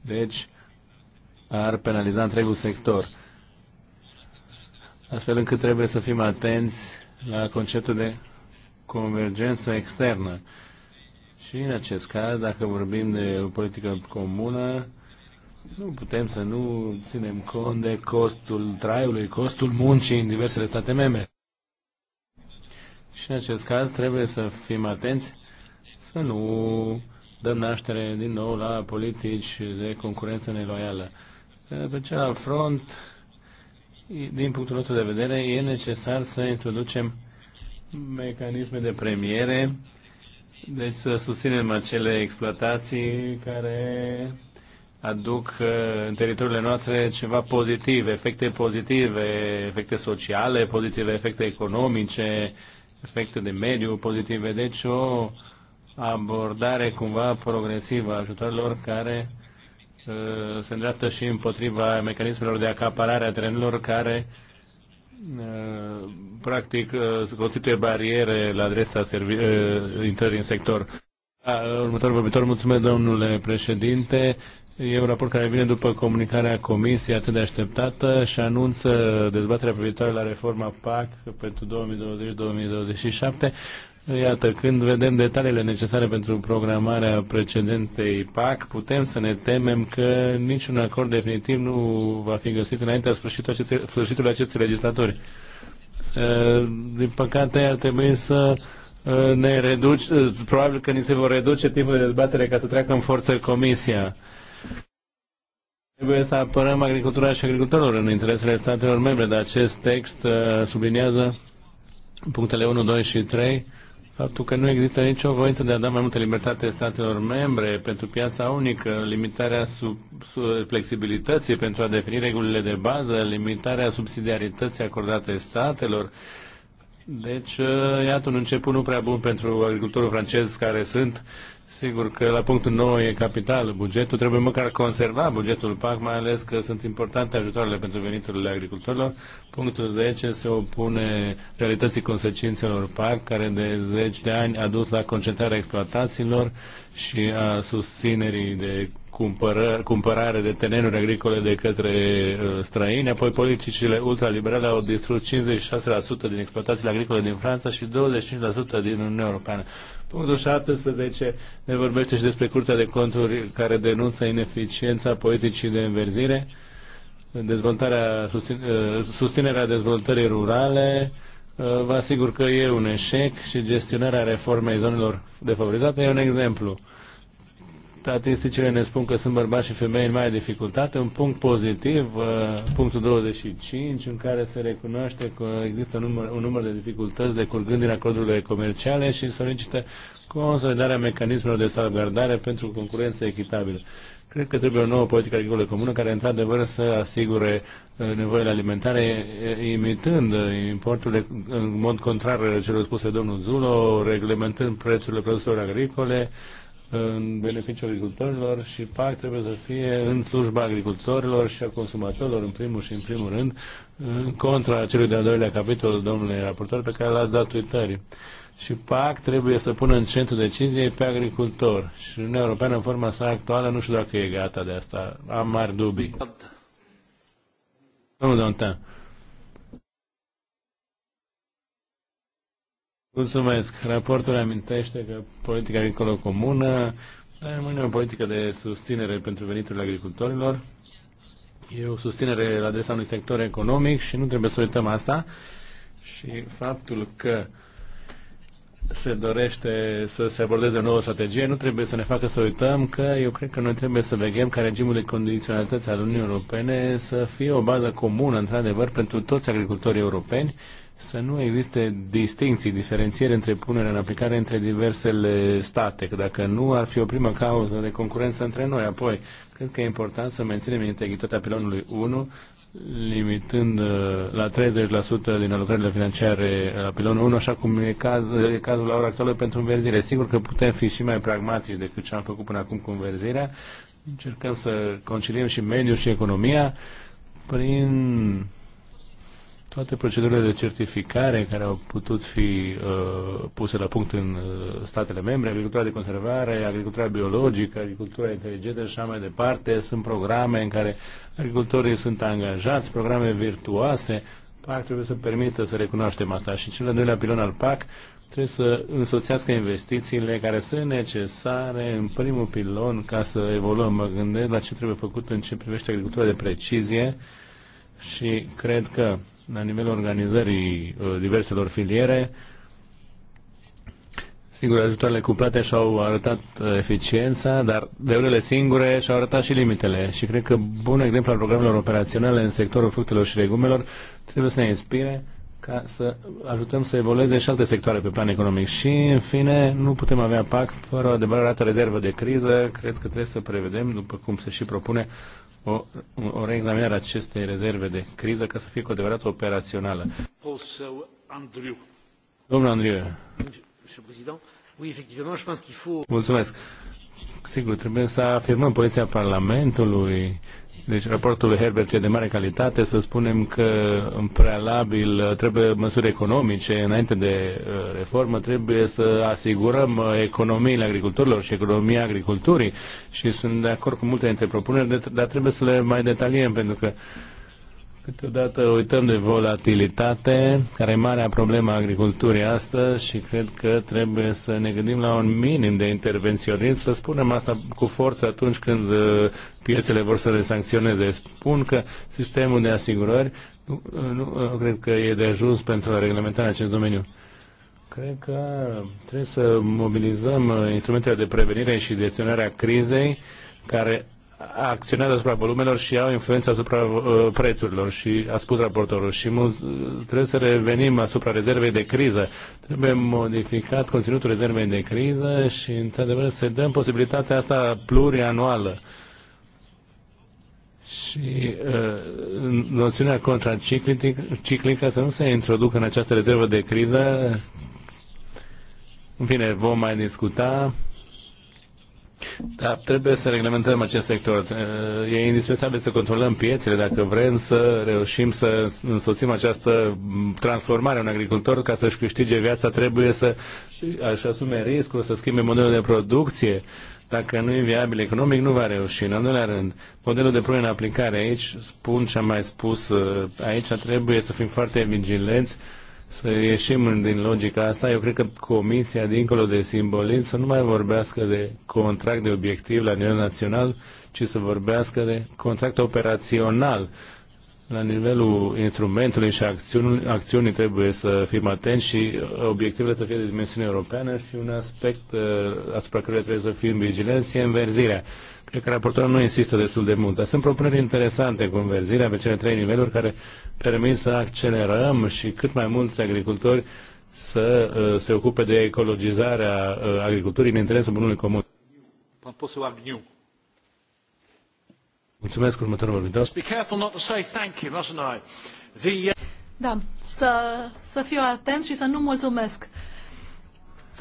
Deci, ar penaliza întregul sector. Astfel încât trebuie să fim atenți la conceptul de convergență externă. Și în acest caz, dacă vorbim de o politică comună, nu putem să nu ținem cont de costul traiului, costul muncii în diversele state membre. Și în acest caz trebuie să fim atenți să nu dăm naștere din nou la politici de concurență neloială. Pe celălalt front, din punctul nostru de vedere, e necesar să introducem mecanisme de premiere, deci să susținem acele exploatații care aduc uh, în teritoriile noastre ceva pozitiv, efecte pozitive, efecte sociale pozitive, efecte economice, efecte de mediu pozitive. Deci o abordare cumva progresivă a ajutorilor care uh, se îndreaptă și împotriva mecanismelor de acaparare a terenilor care uh, practic se constituie bariere la adresa intrării în sector. Următorul vorbitor, mulțumesc domnule președinte. E un raport care vine după comunicarea Comisiei atât de așteptată și anunță dezbaterea privitoare la reforma PAC pentru 2020-2027. Iată, când vedem detaliile necesare pentru programarea precedentei PAC, putem să ne temem că niciun acord definitiv nu va fi găsit înainte a sfârșitul acestei, sfârșitul acestei legislatori. Din păcate, ar trebui să uh, ne reduce, probabil că ni se vor reduce timpul de dezbatere ca să treacă în forță comisia. Trebuie să apărăm agricultura și agricultorilor în interesele statelor membre, dar acest text uh, subliniază punctele 1, 2 și 3 faptul că nu există nicio voință de a da mai multă libertate statelor membre pentru piața unică, limitarea sub, sub, flexibilității pentru a defini regulile de bază, limitarea subsidiarității acordate statelor. Deci, uh, iată un început nu prea bun pentru agricultorul francez care sunt Sigur că la punctul 9 e capital bugetul, trebuie măcar conserva bugetul PAC, mai ales că sunt importante ajutoarele pentru veniturile agricultorilor. Punctul 10 se opune realității consecințelor PAC, care de 10 de ani a dus la concentrarea exploatațiilor și a susținerii de cumpără, cumpărare de terenuri agricole de către uh, străini, apoi politicile ultraliberale au distrus 56% din exploatațiile agricole din Franța și 25% din Uniunea Europeană. Punctul 17 ne vorbește și despre Curtea de Conturi care denunță ineficiența politicii de înverzire, dezvoltarea, uh, susținerea dezvoltării rurale, uh, Vă asigur că e un eșec și gestionarea reformei zonelor defavorizate e un exemplu. Statisticile ne spun că sunt bărbați și femei în mai dificultate. Un punct pozitiv, uh, punctul 25, în care se recunoaște că există un număr, un număr de dificultăți decurgând din acordurile comerciale și solicită consolidarea mecanismelor de salvgardare pentru concurență echitabilă. Cred că trebuie o nouă politică agricolă comună care, într-adevăr, să asigure uh, nevoile alimentare, imitând importul în mod contrar celor spuse domnul Zulo, reglementând prețurile produselor agricole, în beneficiul agricultorilor și PAC trebuie să fie în slujba agricultorilor și a consumatorilor în primul și în primul rând, contra celui de-al doilea capitol, domnule raportor, pe care l-ați dat uitării. Și PAC trebuie să pună în centru deciziei pe agricultor. Și Uniunea Europeană, în forma sa actuală, nu știu dacă e gata de asta. Am mari dubii. Domnul Dantin. Mulțumesc. Raportul amintește că politica agricolă comună rămâne o politică de susținere pentru veniturile agricultorilor. E o susținere la adresa unui sector economic și nu trebuie să uităm asta. Și faptul că se dorește să se abordeze o nouă strategie, nu trebuie să ne facă să uităm că eu cred că noi trebuie să veghem ca regimul de condiționalități al Uniunii Europene să fie o bază comună, într-adevăr, pentru toți agricultorii europeni să nu existe distinții, diferențiere între punere în aplicare între diversele state, că dacă nu ar fi o primă cauză de concurență între noi. Apoi, cred că e important să menținem integritatea pilonului 1, limitând uh, la 30% din alocările financiare la pilonul 1, așa cum e, caz, e cazul la ora actuală pentru înverzire. Sigur că putem fi și mai pragmatici decât ce am făcut până acum cu înverzirea. Încercăm să conciliem și mediul și economia prin toate procedurile de certificare care au putut fi uh, puse la punct în uh, statele membre, agricultura de conservare, agricultura biologică, agricultura inteligentă și așa mai departe, sunt programe în care agricultorii sunt angajați, programe virtuoase. PAC trebuie să permită să recunoaștem asta și cel de doilea pilon al PAC trebuie să însoțească investițiile care sunt necesare în primul pilon ca să evoluăm. Mă gândesc la ce trebuie făcut în ce privește agricultura de precizie și cred că la nivelul organizării uh, diverselor filiere. Sigur, ajutoarele cuplate și-au arătat uh, eficiența, dar de unele singure și-au arătat și limitele. Și cred că bun exemplu al programelor operaționale în sectorul fructelor și legumelor trebuie să ne inspire ca să ajutăm să evolueze și alte sectoare pe plan economic. Și, în fine, nu putem avea PAC fără o adevărată rezervă de criză. Cred că trebuie să prevedem, după cum se și propune, o, o reexaminare a acestei rezerve de criză ca să fie cu adevărat operațională. Domnul Andriu. Mulțumesc. Sigur, trebuie să afirmăm poziția Parlamentului deci raportul lui Herbert e de mare calitate, să spunem că în prealabil trebuie măsuri economice, înainte de uh, reformă trebuie să asigurăm uh, economiile agricultorilor și economia agriculturii și sunt de acord cu multe dintre propuneri, dar trebuie să le mai detaliem pentru că uh, Câteodată uităm de volatilitate, care e marea problemă a agriculturii astăzi și cred că trebuie să ne gândim la un minim de intervenționism, să spunem asta cu forță atunci când uh, piețele vor să le sancționeze. Spun că sistemul de asigurări nu, nu, nu cred că e de ajuns pentru a reglementa acest domeniu. Cred că trebuie să mobilizăm uh, instrumentele de prevenire și gestionarea crizei care acționează asupra volumelor și au influență asupra uh, prețurilor și a spus raportorul și trebuie să revenim asupra rezervei de criză. Trebuie modificat conținutul rezervei de criză și într-adevăr să dăm posibilitatea asta plurianuală. Și uh, noțiunea contraciclică să nu se introducă în această rezervă de criză. În fine, vom mai discuta da, trebuie să reglementăm acest sector. E indispensabil să controlăm piețele dacă vrem să reușim să însoțim această transformare. Un agricultor ca să-și câștige viața trebuie să își asume riscul, să schimbe modelul de producție. Dacă nu e viabil economic, nu va reuși. În al doilea rând, modelul de punere în aplicare aici, spun ce am mai spus, uh, aici trebuie să fim foarte vigilenți să ieșim din logica asta. Eu cred că Comisia, dincolo de simbolism, să nu mai vorbească de contract de obiectiv la nivel național, ci să vorbească de contract operațional. La nivelul instrumentului și acțiunii, acțiunii trebuie să fim atenți și obiectivele să fie de dimensiune europeană și un aspect uh, asupra care trebuie să fim vigilenți e înverzirea. Cred că raportorul nu insistă destul de mult, dar sunt propuneri interesante cu înverzirea pe cele trei niveluri care permit să accelerăm și cât mai mulți agricultori să uh, se ocupe de ecologizarea uh, agriculturii în interesul bunului comun. Mulțumesc, următorul vorbitor. Uh, da, să, să fiu atent și să nu mulțumesc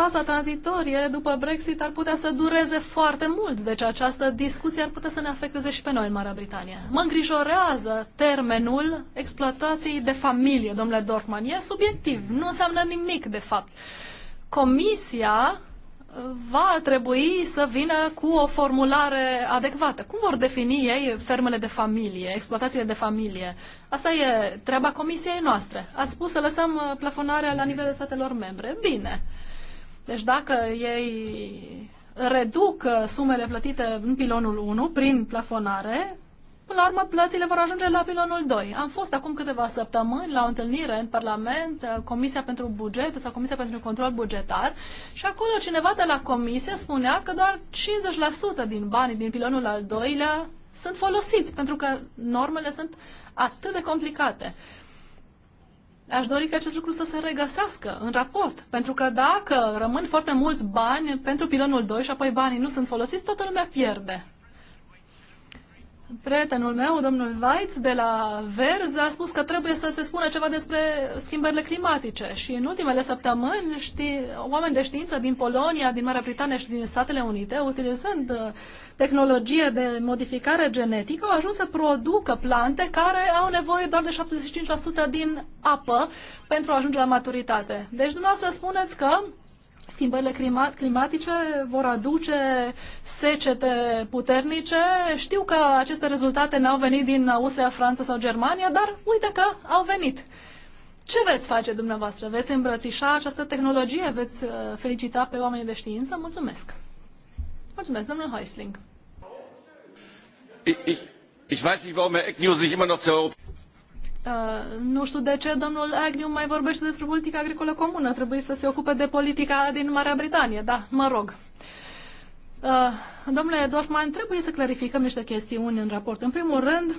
faza tranzitorie după Brexit ar putea să dureze foarte mult, deci această discuție ar putea să ne afecteze și pe noi în Marea Britanie. Mă îngrijorează termenul exploatației de familie, domnule Dorfman. E subiectiv, nu înseamnă nimic, de fapt. Comisia uh, va trebui să vină cu o formulare adecvată. Cum vor defini ei fermele de familie, exploatațiile de familie? Asta e treaba comisiei noastre. Ați spus să lăsăm uh, plafonarea la nivelul statelor membre. Bine. Deci dacă ei reduc uh, sumele plătite în pilonul 1 prin plafonare, până la urmă plățile vor ajunge la pilonul 2. Am fost acum câteva săptămâni la o întâlnire în Parlament, uh, Comisia pentru Buget sau Comisia pentru Control Bugetar și acolo cineva de la Comisie spunea că doar 50% din banii din pilonul al doilea sunt folosiți pentru că normele sunt atât de complicate. Aș dori ca acest lucru să se regăsească în raport, pentru că dacă rămân foarte mulți bani pentru pilonul 2 și apoi banii nu sunt folosiți, toată lumea pierde prietenul meu, domnul Weitz, de la Verz, a spus că trebuie să se spună ceva despre schimbările climatice. Și în ultimele săptămâni, ști, oameni de știință din Polonia, din Marea Britanie și din Statele Unite, utilizând uh, tehnologie de modificare genetică, au ajuns să producă plante care au nevoie doar de 75% din apă pentru a ajunge la maturitate. Deci dumneavoastră spuneți că schimbările climatice vor aduce secete puternice. Știu că aceste rezultate n-au venit din Austria, Franța sau Germania, dar uite că au venit. Ce veți face dumneavoastră? Veți îmbrățișa această tehnologie? Veți uh, felicita pe oamenii de știință? Mulțumesc! Mulțumesc, domnul Heusling! ich weiß nicht, warum Herr Ecknew sich immer noch Uh, nu știu de ce domnul Agnew mai vorbește despre politica agricolă comună. Trebuie să se ocupe de politica din Marea Britanie. Da, mă rog. Uh, domnule Dorfman, trebuie să clarificăm niște chestiuni în raport. În primul rând,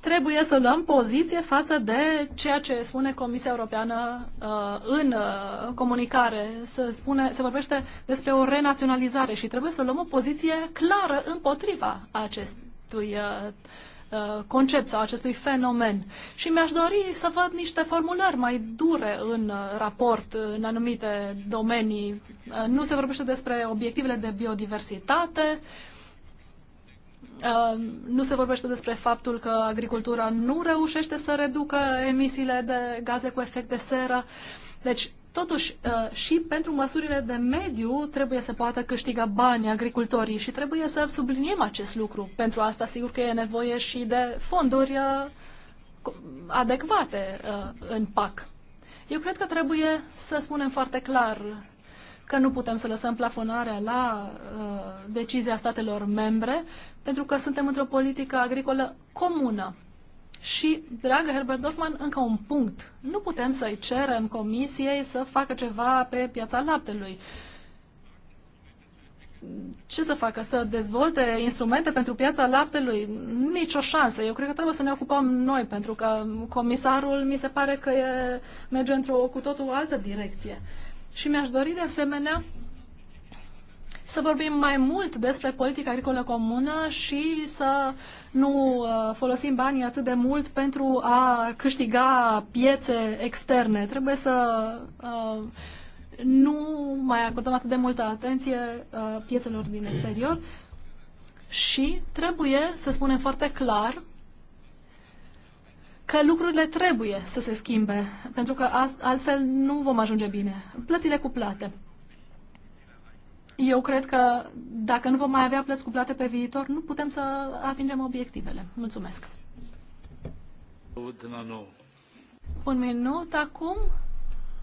trebuie să luăm poziție față de ceea ce spune Comisia Europeană uh, în uh, comunicare. Se, spune, se vorbește despre o renaționalizare și trebuie să luăm o poziție clară împotriva acestui uh, Uh, concept sau acestui fenomen. Și mi-aș dori să văd niște formulări mai dure în uh, raport, uh, în anumite domenii. Nu se vorbește despre obiectivele de biodiversitate, nu se vorbește despre faptul că agricultura nu reușește să reducă emisiile de gaze cu efect de seră. Deci, Totuși, uh, și pentru măsurile de mediu trebuie să poată câștiga bani agricultorii și trebuie să subliniem acest lucru. Pentru asta, sigur că e nevoie și de fonduri uh, adecvate uh, în PAC. Eu cred că trebuie să spunem foarte clar că nu putem să lăsăm plafonarea la decizia statelor membre, pentru că suntem într-o politică agricolă comună. Și, dragă Herbert Dorfman, încă un punct. Nu putem să-i cerem comisiei să facă ceva pe piața laptelui. Ce să facă? Să dezvolte instrumente pentru piața laptelui? Nici o șansă. Eu cred că trebuie să ne ocupăm noi, pentru că comisarul mi se pare că e, merge într-o cu totul altă direcție. Și mi-aș dori de asemenea să vorbim mai mult despre politica agricolă comună și să nu uh, folosim banii atât de mult pentru a câștiga piețe externe. Trebuie să uh, nu mai acordăm atât de multă atenție uh, piețelor din exterior și trebuie să spunem foarte clar că lucrurile trebuie să se schimbe, pentru că altfel nu vom ajunge bine. Plățile cu plate. Eu cred că dacă nu vom mai avea plăți cuplate pe viitor, nu putem să atingem obiectivele. Mulțumesc. Un minut acum,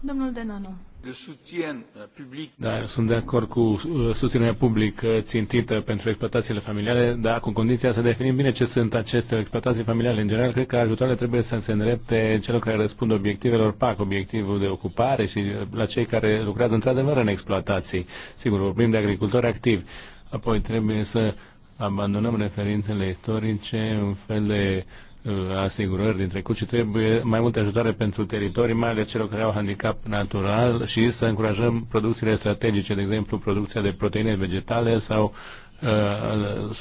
domnul Denanu soutien euh, public. Da, eu sunt de acord cu uh, susținerea publică țintită pentru exploatațiile familiale, dar cu condiția să definim bine ce sunt aceste exploatații familiale. În general, cred că ajutoarele trebuie să se îndrepte celor care răspund obiectivelor PAC, obiectivul de ocupare și uh, la cei care lucrează într-adevăr în exploatații. Sigur, vorbim de agricultori activi. Apoi trebuie să abandonăm referințele istorice, un fel de uh, asigurări din trecut și trebuie mai multe ajutare pentru teritorii, mai ales celor care au handicap natural și să încurajăm producțiile strategice, de exemplu producția de proteine vegetale sau Uh,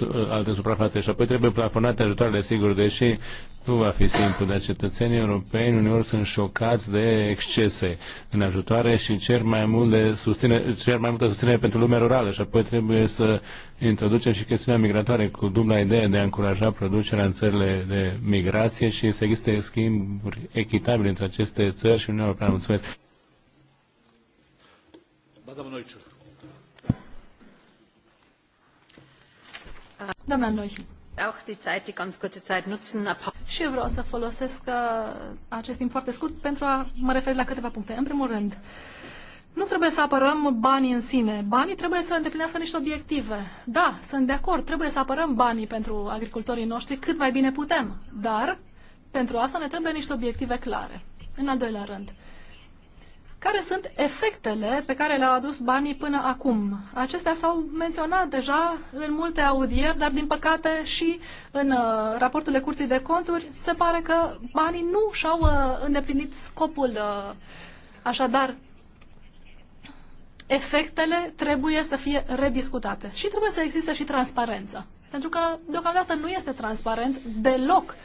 uh, alte suprafațe și apoi trebuie plafonate ajutoarele, sigur, deși nu va fi simplu, dar cetățenii europeni uneori sunt șocați de excese în ajutoare și cer mai, mult de susține, cer mai multă susținere pentru lumea rurală și apoi trebuie să introducem și chestiunea migratoare cu dubla idee de a încuraja producerea în țările de migrație și să existe schimburi echitabile între aceste țări și Uniunea Europeană. Mulțumesc! noi Neutscher. Doamna Și eu vreau să folosesc uh, acest timp foarte scurt pentru a mă referi la câteva puncte. În primul rând, nu trebuie să apărăm banii în sine. Banii trebuie să îndeplinească niște obiective. Da, sunt de acord, trebuie să apărăm banii pentru agricultorii noștri cât mai bine putem. Dar, pentru asta ne trebuie niște obiective clare. În al doilea rând, care sunt efectele pe care le-au adus banii până acum. Acestea s-au menționat deja în multe audieri, dar din păcate și în uh, raporturile Curții de Conturi se pare că banii nu și-au uh, îndeplinit scopul. Uh, așadar, efectele trebuie să fie rediscutate și trebuie să existe și transparență. Pentru că deocamdată nu este transparent deloc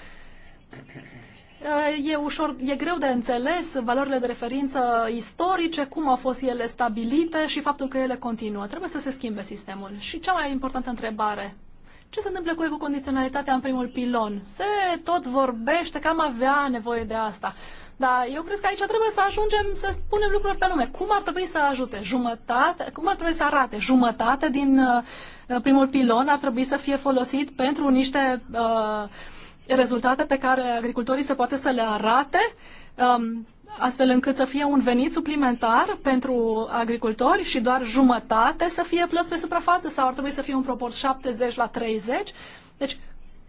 Uh, e, ușor, e greu de înțeles valorile de referință istorice, cum au fost ele stabilite și faptul că ele continuă. Trebuie să se schimbe sistemul. Și cea mai importantă întrebare, ce se întâmplă cu ecocondiționalitatea în primul pilon? Se tot vorbește că am avea nevoie de asta. Dar eu cred că aici trebuie să ajungem să spunem lucruri pe nume. Cum ar trebui să ajute? Jumătate, cum ar trebui să arate? Jumătate din uh, primul pilon ar trebui să fie folosit pentru niște uh, rezultate pe care agricultorii se poate să le arate, um, astfel încât să fie un venit suplimentar pentru agricultori și doar jumătate să fie plăți pe suprafață sau ar trebui să fie un proport 70 la 30. Deci,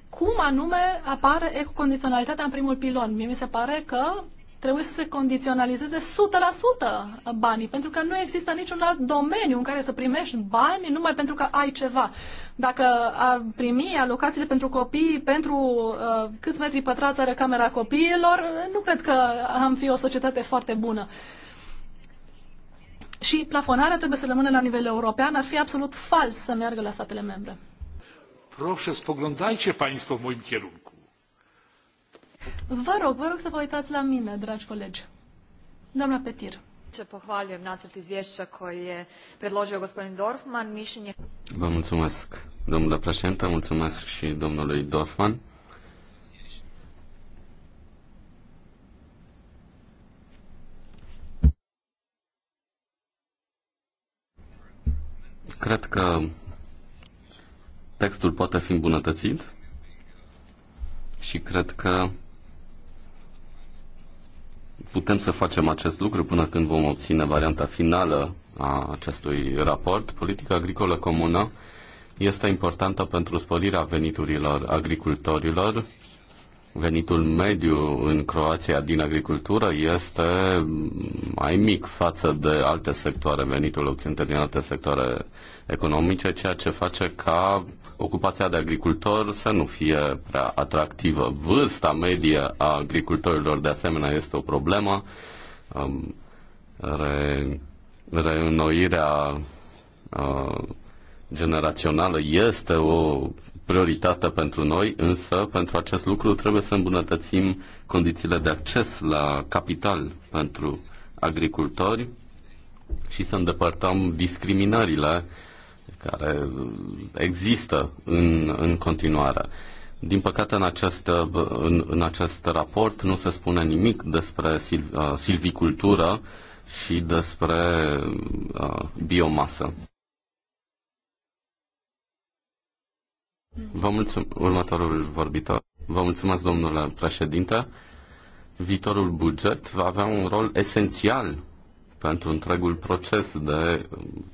cum anume apare ecocondiționalitatea în primul pilon? Mie mi se pare că trebuie să se condiționalizeze 100% banii, pentru că nu există niciun alt domeniu în care să primești bani numai pentru că ai ceva. Dacă ar primi alocațiile pentru copii, pentru uh, câți metri pătrați are camera copiilor, nu cred că am fi o societate foarte bună. Și plafonarea trebuie să rămână la nivel european. Ar fi absolut fals să meargă la statele membre. Proszę, spoglądajcie Państwo w moim kierunku. Vă rog, vă rog să vă uitați la mine, dragi colegi. Doamna Petir. Ce pohvaljujem nacrt izvješća koji je predložio gospodin Dorfman, mišljenje... Vă mulțumesc, domnule președinte, mulțumesc și domnului Dorfman. Cred că textul poate fi îmbunătățit și cred că putem să facem acest lucru până când vom obține varianta finală a acestui raport. Politica agricolă comună este importantă pentru spălirea veniturilor agricultorilor Venitul mediu în Croația din agricultură este mai mic față de alte sectoare, venitul obținute din alte sectoare economice, ceea ce face ca ocupația de agricultor să nu fie prea atractivă. Vârsta medie a agricultorilor de asemenea este o problemă. Um, re, reînnoirea uh, generațională este o prioritate pentru noi, însă pentru acest lucru trebuie să îmbunătățim condițiile de acces la capital pentru agricultori și să îndepărtăm discriminările care există în, în continuare. Din păcate, în acest, în, în acest raport nu se spune nimic despre sil, uh, silvicultură și despre uh, biomasă. Vă mulțumesc, următorul vorbitor. Vă mulțumesc, domnule președinte. Viitorul buget va avea un rol esențial pentru întregul proces de um,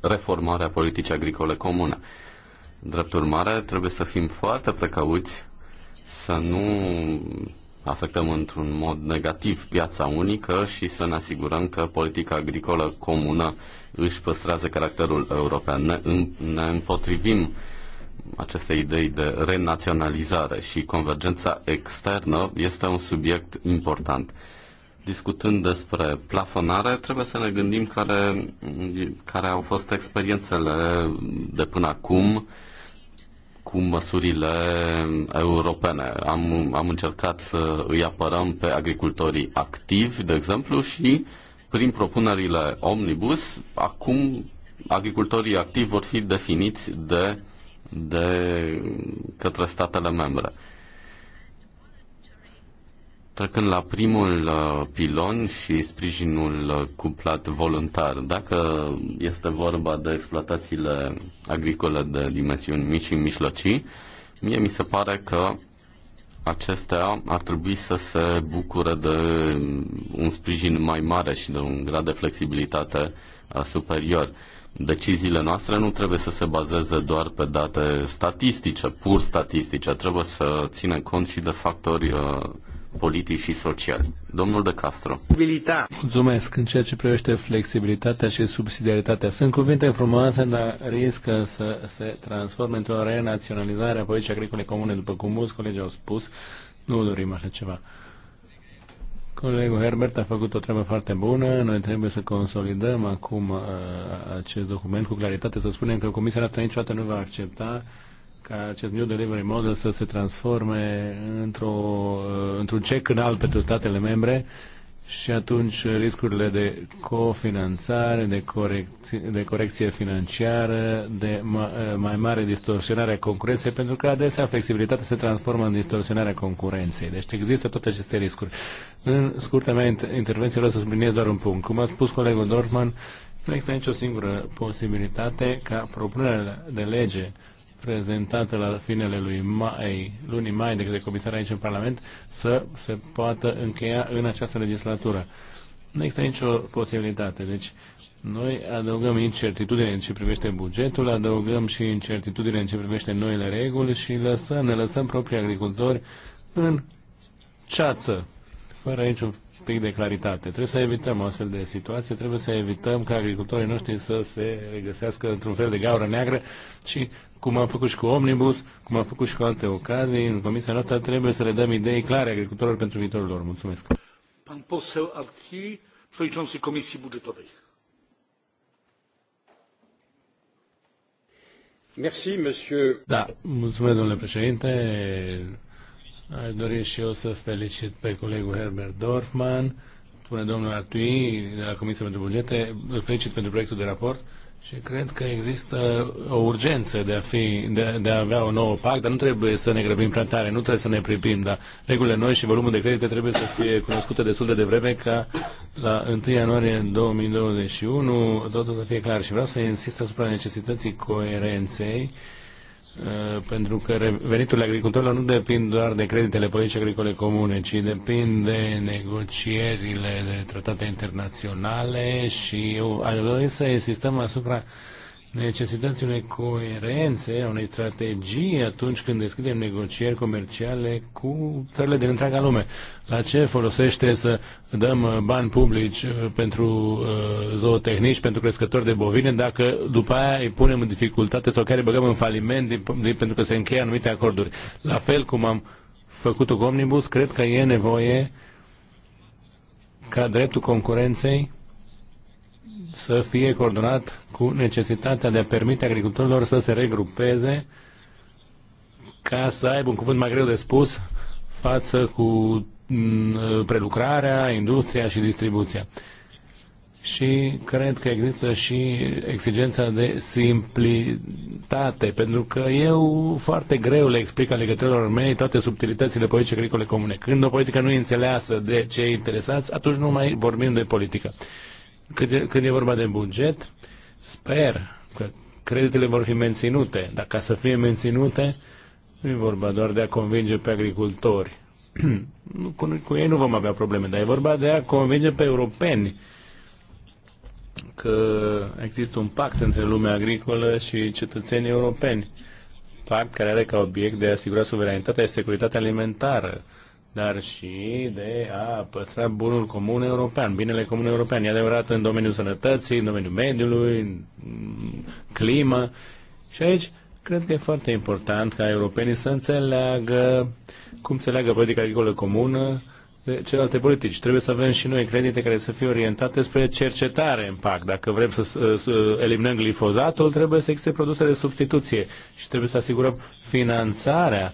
reformare a politicii agricole comune. Drept urmare, trebuie să fim foarte precauți să nu afectăm într-un mod negativ piața unică și să ne asigurăm că politica agricolă comună își păstrează caracterul european. Ne, ne împotrivim aceste idei de renaționalizare și convergența externă este un subiect important. Discutând despre plafonare, trebuie să ne gândim care, care au fost experiențele de până acum cu măsurile europene. Am, am încercat să îi apărăm pe agricultorii activi, de exemplu, și prin propunerile omnibus, acum agricultorii activi vor fi definiți de de către statele membre. Trecând la primul uh, pilon și sprijinul uh, cuplat voluntar, dacă este vorba de exploatațiile agricole de dimensiuni mici și mijlocii, mie mi se pare că acestea ar trebui să se bucure de un sprijin mai mare și de un grad de flexibilitate uh, superior. Deciziile noastre nu trebuie să se bazeze doar pe date statistice, pur statistice, trebuie să ținem cont și de factori uh, politici și social. Domnul De Castro. Mulțumesc. În ceea ce privește flexibilitatea și subsidiaritatea, sunt cuvinte frumoase, dar riscă să se transforme într-o renaționalizare a politicii agricole comune, după cum mulți colegi au spus. Nu dorim așa ceva. Colegul Herbert a făcut o treabă foarte bună. Noi trebuie să consolidăm acum uh, acest document cu claritate, să spunem că Comisia Națională niciodată nu va accepta uh, ca acest New Delivery Model să se transforme într-o, uh, într-un cec în alt pentru statele membre și atunci riscurile de cofinanțare, de corecție, de corecție financiară, de uh, mai mare distorsionare a concurenței, pentru că adesea flexibilitatea se transformă în distorsionarea concurenței. Deci există toate aceste riscuri. În scurtă mea intervenție vreau să subliniez doar un punct. Cum a spus colegul Dorfman, nu există nicio singură posibilitate ca propunerea de lege prezentată la finele lui mai, lunii mai de către comisar aici în Parlament să se poată încheia în această legislatură. Nu există nicio posibilitate. Deci, noi adăugăm incertitudine în ce privește bugetul, adăugăm și incertitudine în ce privește noile reguli și lăsăm, ne lăsăm proprii agricultori în ceață, fără niciun pic de claritate. Trebuie să evităm o astfel de situație, trebuie să evităm ca agricultorii noștri să se regăsească într-un fel de gaură neagră și cum am făcut și cu Omnibus, cum am făcut și cu alte ocazii, în comisia noastră trebuie să le dăm idei clare agricultorilor pentru viitorul lor. Mulțumesc. Pan poseł Archi, Președintele Comisiei Budżetowej. Merci, monsieur. Da, mulțumesc, domnule președinte. Aș dori și eu să felicit pe colegul Herbert Dorfman, spune domnul Artui de la Comisia pentru Bugete, îl felicit pentru proiectul de raport și cred că există o urgență de a, fi, de, de a avea o nouă PAC, dar nu trebuie să ne grăbim prea tare, nu trebuie să ne pripim, dar regulile noi și volumul de credite trebuie să fie cunoscute destul de devreme ca la 1 ianuarie 2021 totul să fie clar. Și vreau să insist asupra necesității coerenței uh, Uh, pentru că veniturile agricultorilor nu depind doar de creditele politice agricole comune, ci depind de negocierile de tratate internaționale și eu aș dori să insistăm asupra uh, necesității unei coerențe, a unei strategii atunci când deschidem negocieri comerciale cu țările din întreaga lume. La ce folosește să dăm uh, bani publici uh, pentru uh, zootehnici, pentru crescători de bovine, dacă după aia îi punem în dificultate sau chiar îi băgăm în faliment din, din, pentru că se încheie anumite acorduri. La fel cum am făcut-o cu Omnibus, cred că e nevoie ca dreptul concurenței să fie coordonat cu necesitatea de a permite agricultorilor să se regrupeze ca să aibă un cuvânt mai greu de spus față cu mm, prelucrarea, industria și distribuția. Și cred că există și exigența de simplitate, pentru că eu foarte greu le explic alegătorilor mei toate subtilitățile politicii agricole comune. Când o politică nu e înțeleasă de cei interesați, atunci nu mai vorbim de politică. Când e, când e vorba de buget, sper că creditele vor fi menținute, dar ca să fie menținute, nu e vorba doar de a convinge pe agricultori. cu, cu ei nu vom avea probleme, dar e vorba de a convinge pe europeni că există un pact între lumea agricolă și cetățenii europeni. Pact care are ca obiect de a asigura suveranitatea și securitatea alimentară dar și de a păstra bunul comun european, binele comun european. E adevărat în domeniul sănătății, în domeniul mediului, în climă. Și aici cred că e foarte important ca europenii să înțeleagă cum se leagă politica agricolă comună de celelalte politici. Trebuie să avem și noi credite care să fie orientate spre cercetare în PAC. Dacă vrem să, să eliminăm glifozatul, trebuie să existe produse de substituție și trebuie să asigurăm finanțarea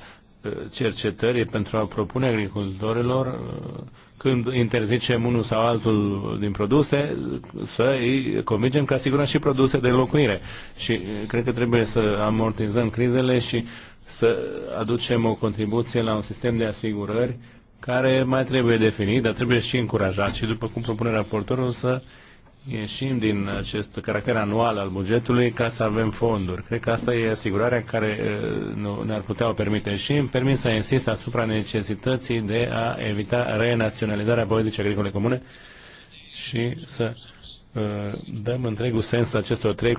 cercetării pentru a propune agricultorilor uh, când interzicem unul sau altul din produse, să îi convingem că asigură și produse de locuire. Și uh, cred că trebuie să amortizăm crizele și să aducem o contribuție la un sistem de asigurări care mai trebuie definit, dar trebuie și încurajat și, după cum propune raportorul, să uh, ieșim din acest caracter anual al bugetului ca să avem fonduri. Cred că asta e asigurarea care ne-ar putea o permite. Și îmi permit să insist asupra necesității de a evita renaționalizarea politicii agricole comune și să dăm întregul sens acestor trei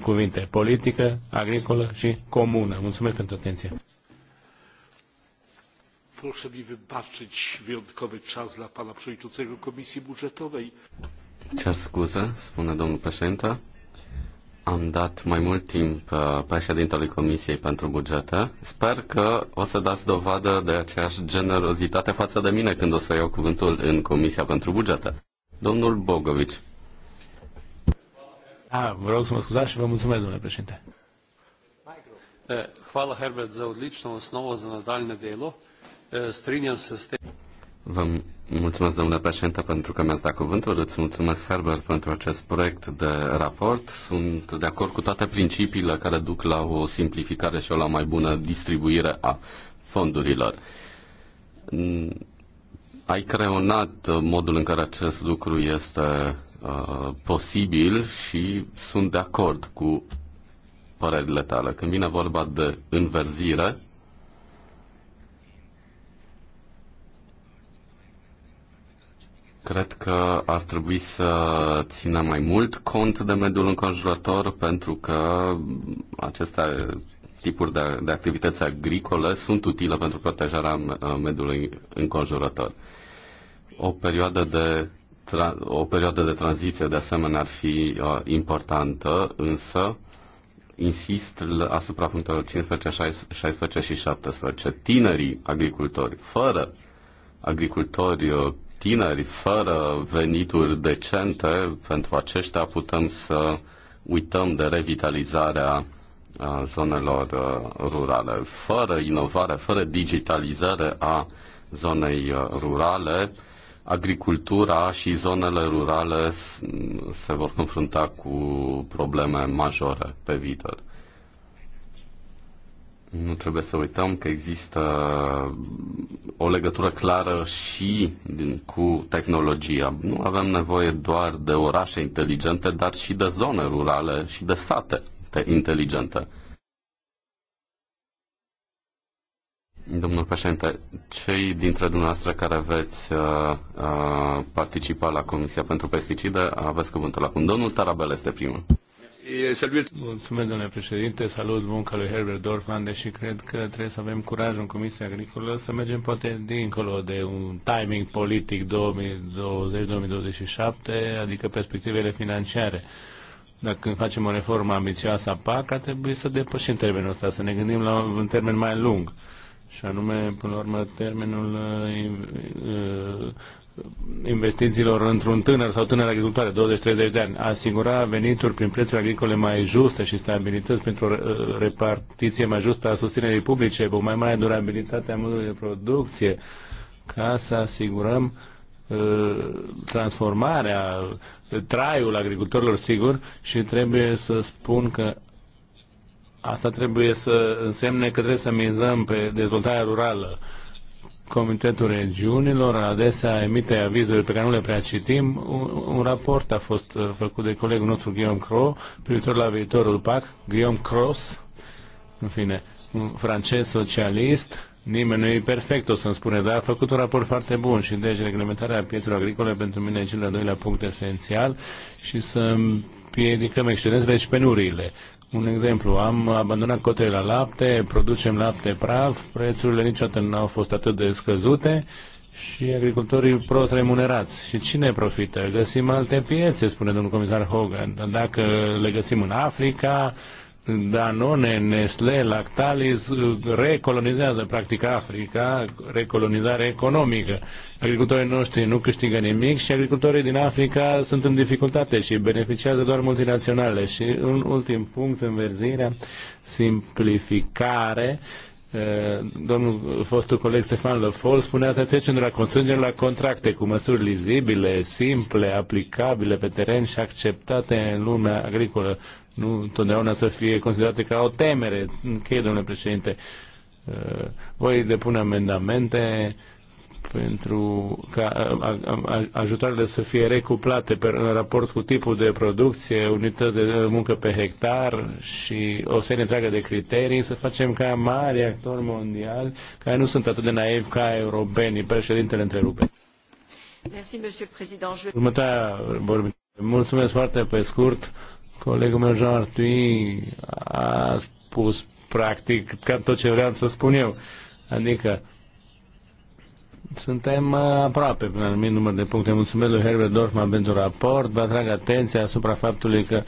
cuvinte. Politică, agricolă și comună. Mulțumesc pentru atenție. Proszę mi wybaczyć wyjątkowy czas dla pana przewodniczącego Komisji Budżetowej. Cer scuze, spune domnul președinte. Am dat mai mult timp uh, președintelui Comisiei pentru bugete. Sper că o să dați dovadă de aceeași generozitate față de mine când o să iau cuvântul în Comisia pentru bugete. Domnul Bogovici. A, da, vă rog să mă scuzați și vă mulțumesc, domnule președinte. Eh, hvala Herbert za odlično osnovu za nadaljne delo. Eh, strinjam se s tem. Vă mulțumesc, domnule președinte, pentru că mi-ați dat cuvântul. Îți mulțumesc, Herbert, pentru acest proiect de raport. Sunt de acord cu toate principiile care duc la o simplificare și o la mai bună distribuire a fondurilor. Ai creonat modul în care acest lucru este uh, posibil și sunt de acord cu părerile tale. Când vine vorba de înverzire, Cred că ar trebui să țină mai mult cont de mediul înconjurător pentru că acestea tipuri de, de activități agricole sunt utile pentru protejarea mediului înconjurător. O perioadă de o perioadă de tranziție de asemenea ar fi uh, importantă, însă insist asupra punctelor 15, 16 și 17. Tinerii agricultori, fără agricultori tineri fără venituri decente, pentru aceștia putem să uităm de revitalizarea uh, zonelor uh, rurale. Fără inovare, fără digitalizare a zonei uh, rurale, agricultura și zonele rurale se vor confrunta cu probleme majore pe viitor. Nu trebuie să uităm că există o legătură clară și din, cu tehnologia. Nu avem nevoie doar de orașe inteligente, dar și de zone rurale și de sate inteligente. Domnul președinte, cei dintre dumneavoastră care veți uh, uh, participa la Comisia pentru Pesticide, aveți cuvântul acum. Domnul Tarabel este primul. Salut. Mulțumesc, domnule președinte, salut munca lui Herbert Dorfman, deși cred că trebuie să avem curaj în Comisia Agricolă să mergem poate dincolo de un timing politic 2020-2027, adică perspectivele financiare. Dacă când facem o reformă ambițioasă a PAC, trebuie să depășim termenul ăsta, să ne gândim la un termen mai lung și anume, până la urmă, termenul uh, uh, investițiilor într-un tânăr sau tânăr de 20-30 de ani, asigura venituri prin prețuri agricole mai juste și stabilități pentru o uh, repartiție mai justă a susținerii publice, cu mai mare durabilitate a modului de producție, ca să asigurăm uh, transformarea, traiul agricultorilor, sigur, și trebuie să spun că asta trebuie să însemne că trebuie să mizăm pe dezvoltarea rurală Comitetul Regiunilor adesea emite avizuri pe care nu le prea citim. Un, un raport a fost uh, făcut de colegul nostru Guillaume Cro privitor la viitorul PAC, Guillaume Cross, în fine, un francez socialist, nimeni nu e perfect, o să-mi spune, dar a făcut un raport foarte bun și deci reglementarea pietrelor agricole pentru mine e cel de-al doilea punct esențial și să împiedicăm excedentele și penurile. Un exemplu, am abandonat cotele la lapte, producem lapte praf, prețurile niciodată nu au fost atât de scăzute și agricultorii prost remunerați. Și cine profită? Găsim alte piețe, spune domnul comisar Hogan. Dacă le găsim în Africa, Danone, Nestlé, Lactalis uh, recolonizează practic Africa, recolonizare economică. Agricultorii noștri nu câștigă nimic și agricultorii din Africa sunt în dificultate și beneficiază doar multinaționale. Și un ultim punct, în verzirea, simplificare. Uh, domnul fostul coleg Stefan Lefol spunea să trecem de la constrângeri la contracte cu măsuri lizibile, simple, aplicabile pe teren și acceptate în lumea agricolă nu întotdeauna să fie considerate ca o temere. Încheie, domnule președinte, uh, voi depune amendamente pentru ca uh, ajutoarele să fie recuplate pe, în raport cu tipul de producție, unități de muncă pe hectar și o serie întreagă de criterii, să facem ca mari actori mondiali care nu sunt atât de naivi ca europenii. Președintele întrerupe. Mulțumesc foarte pe scurt. Colegul meu, Jean Artui, a spus practic ca tot ce vreau să spun eu. Adică suntem aproape până anumit număr de puncte. Mulțumesc lui Herbert Dorfman pentru raport. Vă atrag atenția asupra faptului că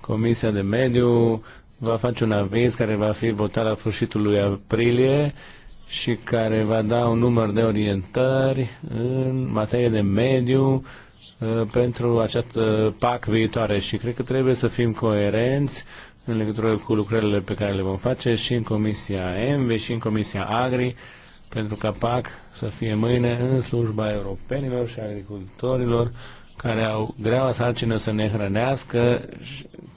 Comisia de Mediu va face un aviz care va fi votat la sfârșitul lui aprilie și care va da un număr de orientări în materie de mediu Uh, pentru această PAC viitoare și cred că trebuie să fim coerenți în legătură cu lucrările pe care le vom face și în Comisia ENVI și în Comisia AGRI pentru ca PAC să fie mâine în slujba europenilor și agricultorilor care au greaua sarcină să ne hrănească,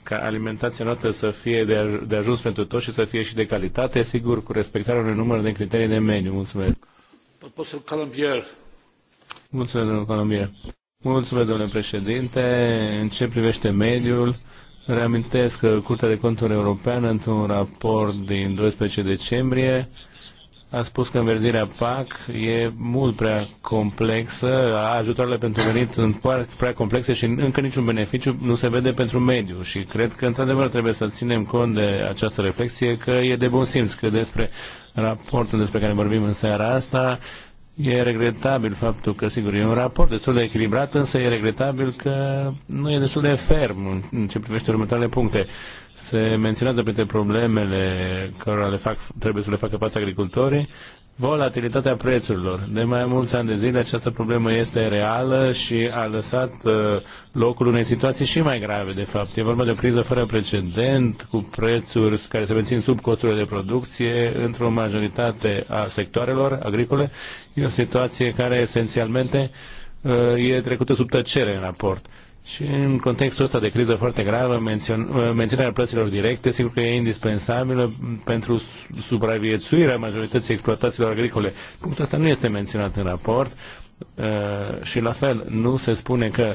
ca alimentația noastră să fie de, aj- de ajuns pentru toți și să fie și de calitate, sigur, cu respectarea unui număr de criterii de mediu. Mulțumesc. Mulțumesc, domnul Colombier. Mulțumesc, domnule președinte. În ce privește mediul, reamintesc că Curtea de Conturi Europeană, într-un raport din 12 decembrie, a spus că înverzirea PAC e mult prea complexă, ajutoarele pentru venit sunt prea complexe și încă niciun beneficiu nu se vede pentru mediu și cred că într-adevăr trebuie să ținem cont de această reflexie că e de bun simț că despre raportul despre care vorbim în seara asta E regretabil faptul că, sigur, e un raport destul de echilibrat, însă e regretabil că nu e destul de ferm în ce privește următoarele puncte. Se menționează printre problemele care le fac, trebuie să le facă față agricultorii, volatilitatea prețurilor. De mai mulți ani de zile această problemă este reală și a lăsat uh, locul unei situații și mai grave, de fapt. E vorba de o criză fără precedent, cu prețuri care se mențin sub costurile de producție într-o majoritate a sectoarelor agricole. E o situație care esențialmente uh, e trecută sub tăcere în raport. Și în contextul ăsta de criză foarte gravă, mențion, uh, menținerea plăților directe, sigur că e indispensabilă pentru supraviețuirea majorității exploatațiilor agricole. Punctul ăsta nu este menționat în raport uh, și la fel, nu se spune că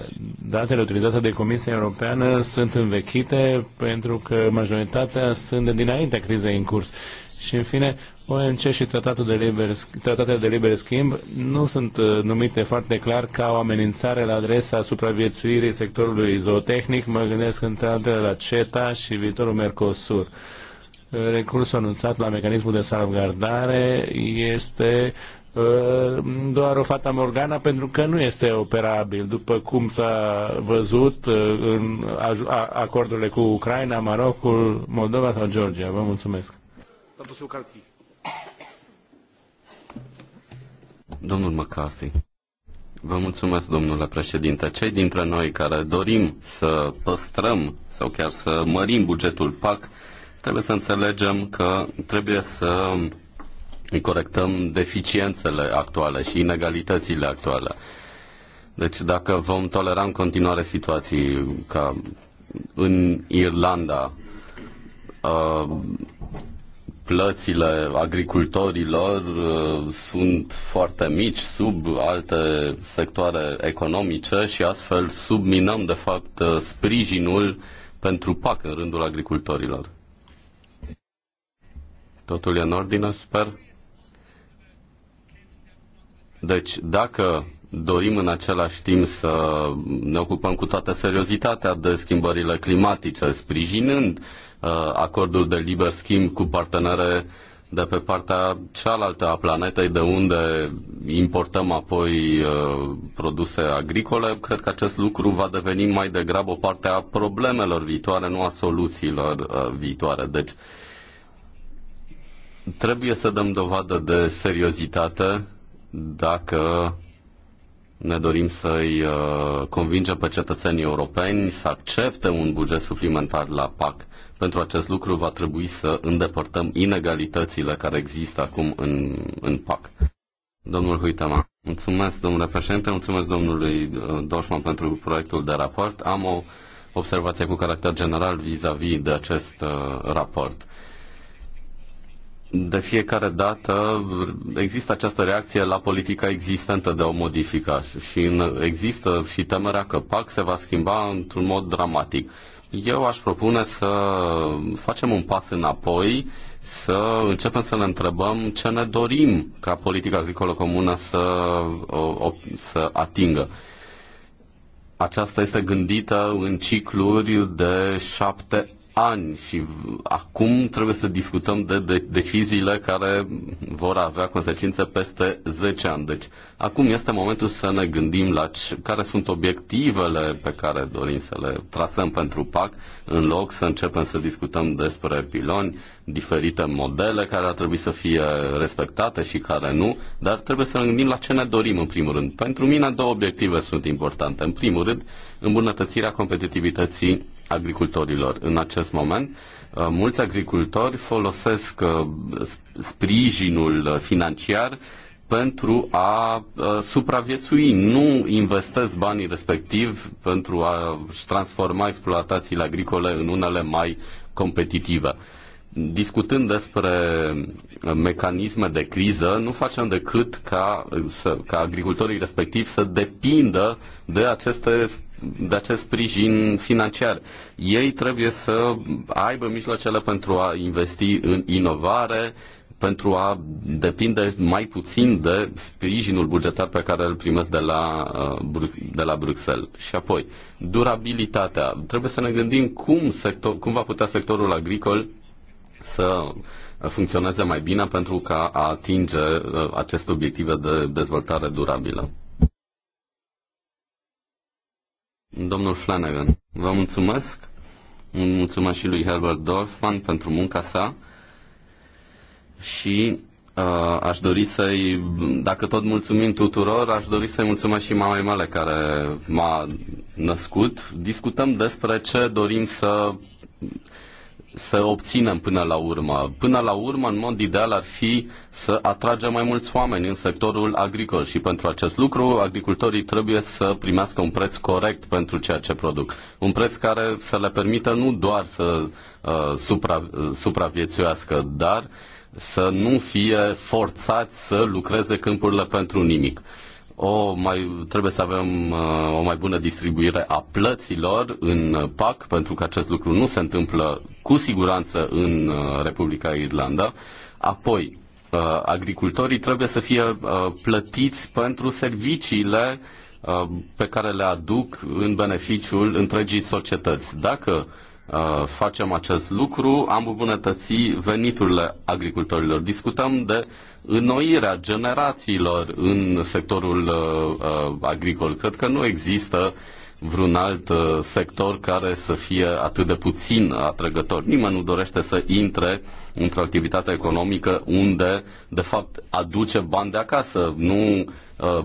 datele utilizate de Comisia Europeană sunt învechite pentru că majoritatea sunt de dinaintea crizei în curs. Și în fine, ONC și tratatul de liber, tratatele de liber schimb nu sunt uh, numite foarte clar ca o amenințare la adresa supraviețuirii sectorului zootehnic. Mă gândesc între altele la CETA și viitorul Mercosur. Recursul anunțat la mecanismul de salvgardare este uh, doar o fata morgana pentru că nu este operabil. După cum s-a văzut uh, în acordurile cu Ucraina, Marocul, Moldova sau Georgia. Vă mulțumesc. Domnul Domnul McCarthy. Vă mulțumesc, domnule președinte. Cei dintre noi care dorim să păstrăm sau chiar să mărim bugetul PAC, trebuie să înțelegem că trebuie să corectăm deficiențele actuale și inegalitățile actuale. Deci dacă vom tolera în continuare situații ca în Irlanda, uh, plățile agricultorilor uh, sunt foarte mici, sub alte sectoare economice și astfel subminăm, de fapt, uh, sprijinul pentru PAC în rândul agricultorilor. Totul e în ordine, sper. Deci, dacă dorim în același timp să ne ocupăm cu toată seriozitatea de schimbările climatice, sprijinând uh, acordul de liber schimb cu partenere de pe partea cealaltă a planetei, de unde importăm apoi uh, produse agricole, cred că acest lucru va deveni mai degrabă o parte a problemelor viitoare, nu a soluțiilor uh, viitoare. Deci trebuie să dăm dovadă de seriozitate dacă ne dorim să-i uh, convingem pe cetățenii europeni să accepte un buget suplimentar la PAC. Pentru acest lucru va trebui să îndepărtăm inegalitățile care există acum în, în PAC. Domnul Huitema, mulțumesc domnule președinte, mulțumesc domnului uh, Doșman pentru proiectul de raport. Am o observație cu caracter general vis-a-vis -vis de acest uh, raport de fiecare dată există această reacție la politica existentă de a o modifica și există și temerea că PAC se va schimba într-un mod dramatic. Eu aș propune să facem un pas înapoi, să începem să ne întrebăm ce ne dorim ca politica agricolă comună să, o, să atingă. Aceasta este gândită în cicluri de șapte ani și acum trebuie să discutăm de, de deciziile care vor avea consecințe peste 10 ani. Deci acum este momentul să ne gândim la ce, care sunt obiectivele pe care dorim să le trasăm pentru PAC, în loc să începem să discutăm despre piloni, diferite modele care ar trebui să fie respectate și care nu, dar trebuie să ne gândim la ce ne dorim în primul rând. Pentru mine două obiective sunt importante. În primul rând, îmbunătățirea competitivității agricultorilor. În acest moment, uh, mulți agricultori folosesc uh, sprijinul financiar pentru a uh, supraviețui. Nu investesc banii respectiv pentru a-și transforma exploatațiile agricole în unele mai competitive discutând despre uh, mecanisme de criză, nu facem decât ca, uh, să, ca agricultorii respectivi să depindă de, aceste, de acest sprijin financiar. Ei trebuie să aibă mijloacele pentru a investi în inovare, pentru a depinde mai puțin de sprijinul bugetar pe care îl primesc de la, uh, de la Bruxelles. Și apoi, durabilitatea. Trebuie să ne gândim cum, sector, cum va putea sectorul agricol să funcționeze mai bine pentru ca a atinge uh, aceste obiective de dezvoltare durabilă. Domnul Flanagan, vă mulțumesc. Mulțumesc și lui Herbert Dorfman pentru munca sa și uh, aș dori să-i, dacă tot mulțumim tuturor, aș dori să-i mulțumesc și mamei mele care m-a născut. Discutăm despre ce dorim să să obținem până la urmă. Până la urmă, în mod ideal, ar fi să atragem mai mulți oameni în sectorul agricol și pentru acest lucru agricultorii trebuie să primească un preț corect pentru ceea ce produc. Un preț care să le permită nu doar să uh, supra, uh, supraviețuiască, dar să nu fie forțați să lucreze câmpurile pentru nimic o mai, trebuie să avem uh, o mai bună distribuire a plăților în PAC, pentru că acest lucru nu se întâmplă cu siguranță în uh, Republica Irlanda. Apoi, uh, agricultorii trebuie să fie plătiți pentru serviciile pe care le aduc în beneficiul întregii societăți. Dacă uh, Uh, facem acest lucru, am îmbunătăți veniturile agricultorilor. Discutăm de înnoirea generațiilor în sectorul uh, uh agricol. Cred că nu există vreun alt uh, sector care să fie atât de puțin atrăgător. Nimeni nu dorește să intre într-o activitate economică unde, de fapt, aduce bani de acasă, nu uh,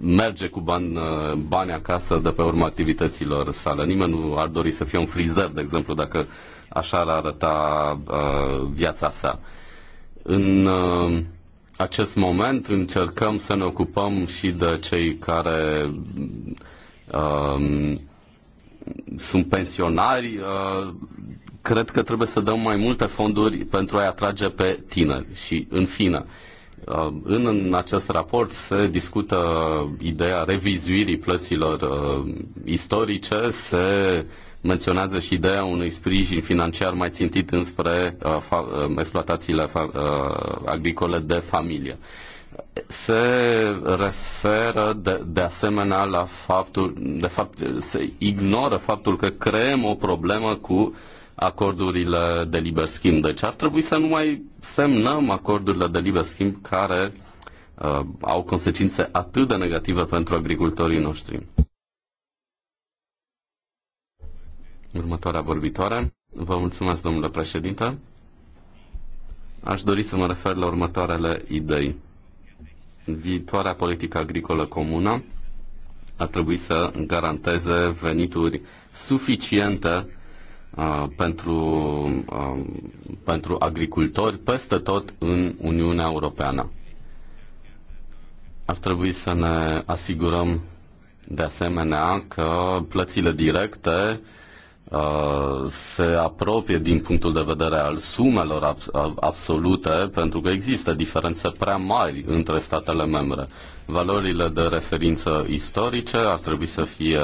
merge cu bani, uh, bani acasă de pe urma activităților sale. Nimeni nu ar dori să fie un frizer, de exemplu, dacă așa ar arăta uh, viața sa. În uh, acest moment încercăm să ne ocupăm și de cei care uh, sunt pensionari. Uh, cred că trebuie să dăm mai multe fonduri pentru a-i atrage pe tineri. Și, în fine, uh, Uh, în acest raport se discută ideea revizuirii plăților uh, istorice, se menționează și ideea unui sprijin financiar mai țintit înspre uh, exploatațiile agricole de familie. Se referă de, de asemenea la faptul, de fapt, se ignoră faptul că creăm o problemă cu acordurile de liber schimb. Deci ar trebui să nu mai semnăm acordurile de liber schimb care uh, au consecințe atât de negative pentru agricultorii noștri. Următoarea vorbitoare. Vă mulțumesc, domnule președinte. Aș dori să mă refer la următoarele idei. Viitoarea politică agricolă comună ar trebui să garanteze venituri suficiente Uh, pentru, uh, pentru agricultori peste tot în Uniunea Europeană. Ar trebui să ne asigurăm de asemenea că plățile directe uh, se apropie din punctul de vedere al sumelor absolute, pentru că există diferențe prea mari între statele membre. Valorile de referință istorice ar trebui să fie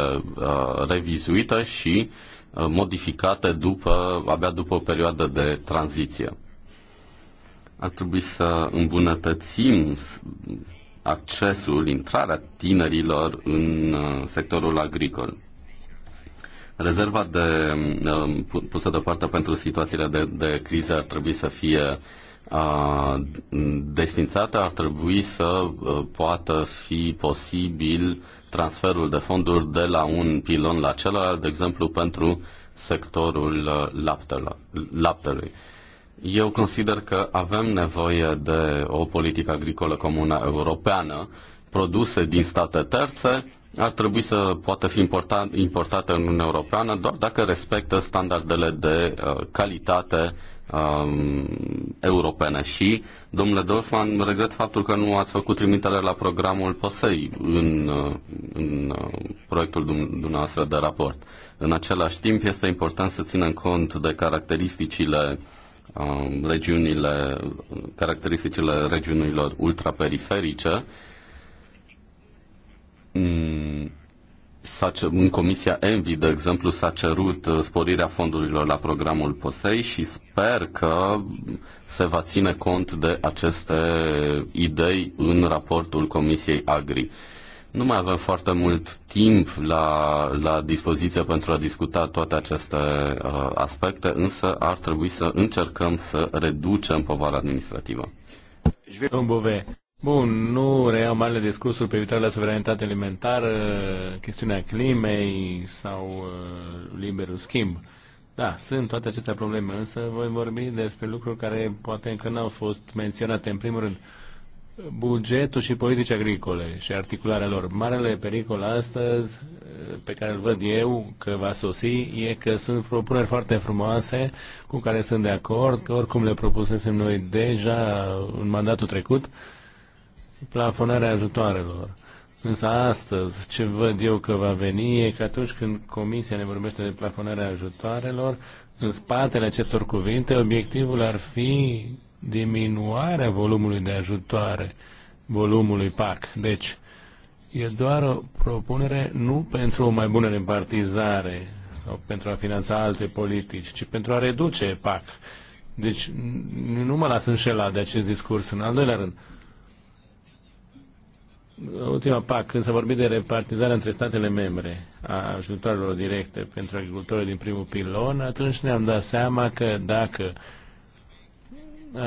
revizuite și uh, Uh, modificate după, abia după o perioadă de tranziție. Ar trebui să îmbunătățim accesul, intrarea tinerilor în uh, sectorul agricol. Rezerva de, uh, pusă deoparte pentru situațiile de, de criză ar trebui să fie desfințată, ar trebui să poată fi posibil transferul de fonduri de la un pilon la celălalt, de exemplu pentru sectorul uh, laptelui. Eu consider că avem nevoie de o politică agricolă comună europeană. Produse din state terțe ar trebui să poată fi importate în Uniunea Europeană doar dacă respectă standardele de uh, calitate Um, europene și, domnule Dorfman, regret faptul că nu ați făcut trimitere la programul POSEI în, uh, în uh, proiectul dumneavoastră de raport. În același timp, este important să ținem cont de caracteristicile um, regiunile, caracteristicile regiunilor ultraperiferice, mm, în Comisia Envi, de exemplu, s-a cerut uh, sporirea fondurilor la programul POSEI și sper că se va ține cont de aceste idei în raportul Comisiei Agri. Nu mai avem foarte mult timp la, la dispoziție pentru a discuta toate aceste uh, aspecte, însă ar trebui să încercăm să reducem povara administrativă. Bove, Bun, nu reiau marele discursul privitoare la suveranitate alimentară, chestiunea climei sau uh, liberul schimb. Da, sunt toate aceste probleme, însă voi vorbi despre lucruri care poate încă n-au fost menționate. În primul rând, bugetul și politici agricole și articularea lor. Marele pericol astăzi uh, pe care îl văd eu că va sosi e că sunt propuneri foarte frumoase cu care sunt de acord, că oricum le propusesem noi deja în mandatul trecut, plafonarea ajutoarelor. Însă astăzi, ce văd eu că va veni, e că atunci când Comisia ne vorbește de plafonarea ajutoarelor, în spatele acestor cuvinte, obiectivul ar fi diminuarea volumului de ajutoare, volumului PAC. Deci, e doar o propunere nu pentru o mai bună repartizare sau pentru a finanța alte politici, ci pentru a reduce PAC. Deci, nu mă las înșelat de acest discurs. În al doilea rând, ultima PAC, când s-a vorbit de repartizarea între statele membre a ajutoarelor directe pentru agricultorii din primul pilon, atunci ne-am dat seama că dacă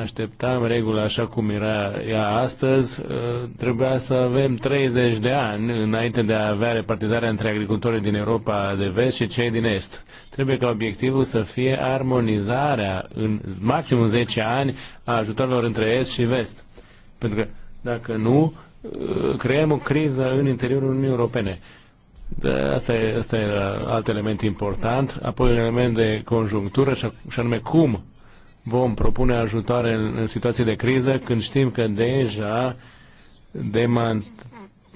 așteptam regula așa cum era ea astăzi, ă, trebuia să avem 30 de ani înainte de a avea repartizarea între agricultorii din Europa de vest și cei din est. Trebuie ca obiectivul să fie armonizarea în maximum 10 ani a ajutorilor între est și vest. Pentru că dacă nu, creăm o criză în interiorul Uniunii Europene. Asta e, asta e alt element important. Apoi un element de conjunctură și anume cum vom propune ajutoare în, în situații de criză când știm că deja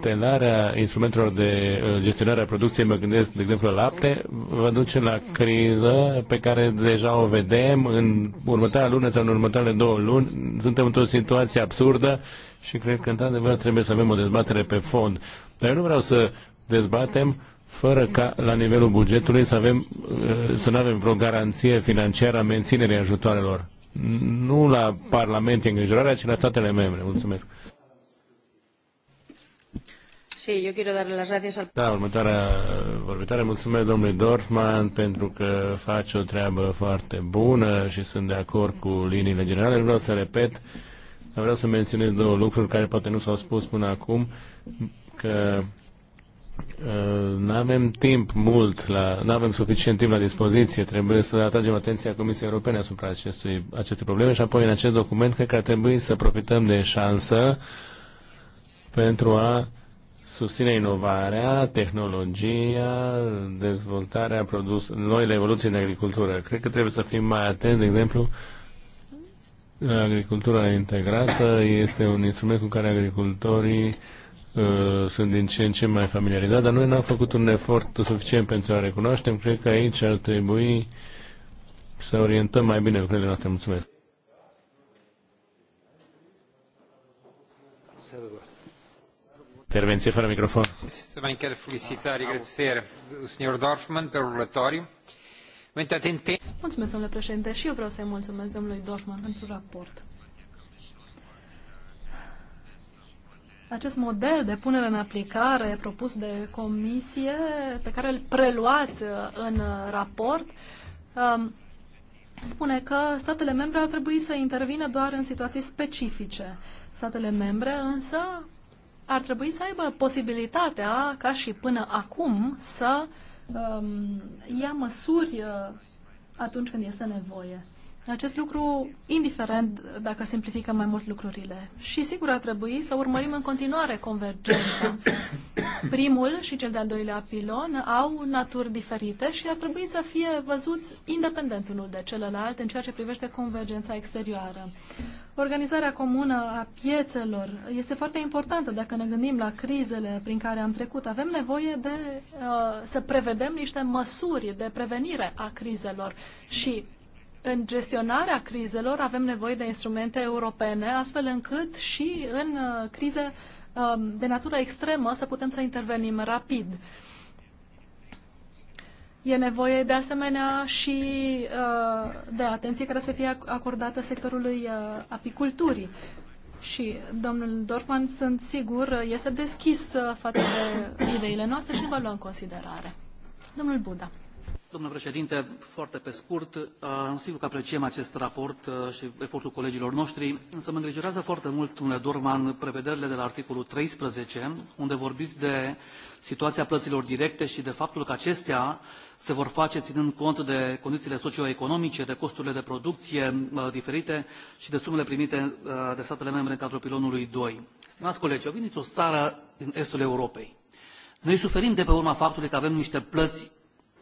tenarea instrumentelor de uh, gestionare a producției, mă gândesc, de exemplu, la lapte, vă duce la criză pe care deja o vedem în următoarea lună sau în următoarele două luni. Suntem într-o situație absurdă și cred că, într-adevăr, trebuie să avem o dezbatere pe fond. Dar eu nu vreau să dezbatem fără ca la nivelul bugetului să, avem, uh, să nu avem vreo garanție financiară a menținerii ajutoarelor. Nu la Parlament e îngrijorarea, ci la statele membre. Mulțumesc. Sí, eu quiero darle las gracias al... Da, următoarea uh, vorbitare, mulțumesc domnului Dorfman pentru că face o treabă foarte bună și sunt de acord cu liniile generale. Vreau să repet, vreau să menționez două lucruri care poate nu s-au spus până acum, că uh, nu avem timp mult, nu avem suficient timp la dispoziție, trebuie să atragem atenția Comisiei Europene asupra acestui, acestui probleme și apoi în acest document cred că ar trebui să profităm de șansă pentru a susține inovarea, tehnologia, dezvoltarea produs, noile evoluții în agricultură. Cred că trebuie să fim mai atenți, de exemplu, agricultura integrată este un instrument cu care agricultorii uh, sunt din ce în ce mai familiarizați, dar noi n-am făcut un efort suficient pentru a recunoaștem. Cred că aici ar trebui să orientăm mai bine lucrurile noastre. Mulțumesc! Intervenție fără microfon. Să mai felicitar e agradecer o Sr. Dorfman pe următorii. Mulțumesc, domnule președinte, și eu vreau să-i mulțumesc domnului Dorfman pentru raport. Acest model de punere în aplicare propus de comisie, pe care îl preluați uh, în uh, raport, um, spune că statele membre ar trebui să intervină doar în situații specifice. Statele membre însă ar trebui să aibă posibilitatea, ca și până acum, să um, ia măsuri uh, atunci când este nevoie. Acest lucru, indiferent dacă simplificăm mai mult lucrurile. Și sigur ar trebui să urmărim în continuare convergența. Primul și cel de-al doilea pilon au naturi diferite și ar trebui să fie văzuți independent unul de celălalt în ceea ce privește convergența exterioară. Organizarea comună a piețelor este foarte importantă dacă ne gândim la crizele prin care am trecut. Avem nevoie de uh, să prevedem niște măsuri de prevenire a crizelor și în gestionarea crizelor avem nevoie de instrumente europene, astfel încât și în uh, crize uh, de natură extremă să putem să intervenim rapid. Uh, E nevoie de asemenea și uh, de atenție care să fie acordată sectorului uh, apiculturii. Și domnul Dorfman, sunt sigur, este deschis uh, față de ideile noastre și va lua în considerare. Domnul Buda. Domnule președinte, foarte pe scurt, uh, sigur că apreciem acest raport uh, și efortul colegilor noștri, însă mă îngrijorează foarte mult, domnule Dorman, prevederile de la articolul 13, unde vorbiți de situația plăților directe și de faptul că acestea se vor face ținând cont de condițiile socioeconomice, de costurile de producție uh, diferite și de sumele primite uh, de statele membre în cadrul pilonului 2. Stimați colegi, eu vin dintr-o țară din estul Europei. Noi suferim de pe urma faptului că avem niște plăți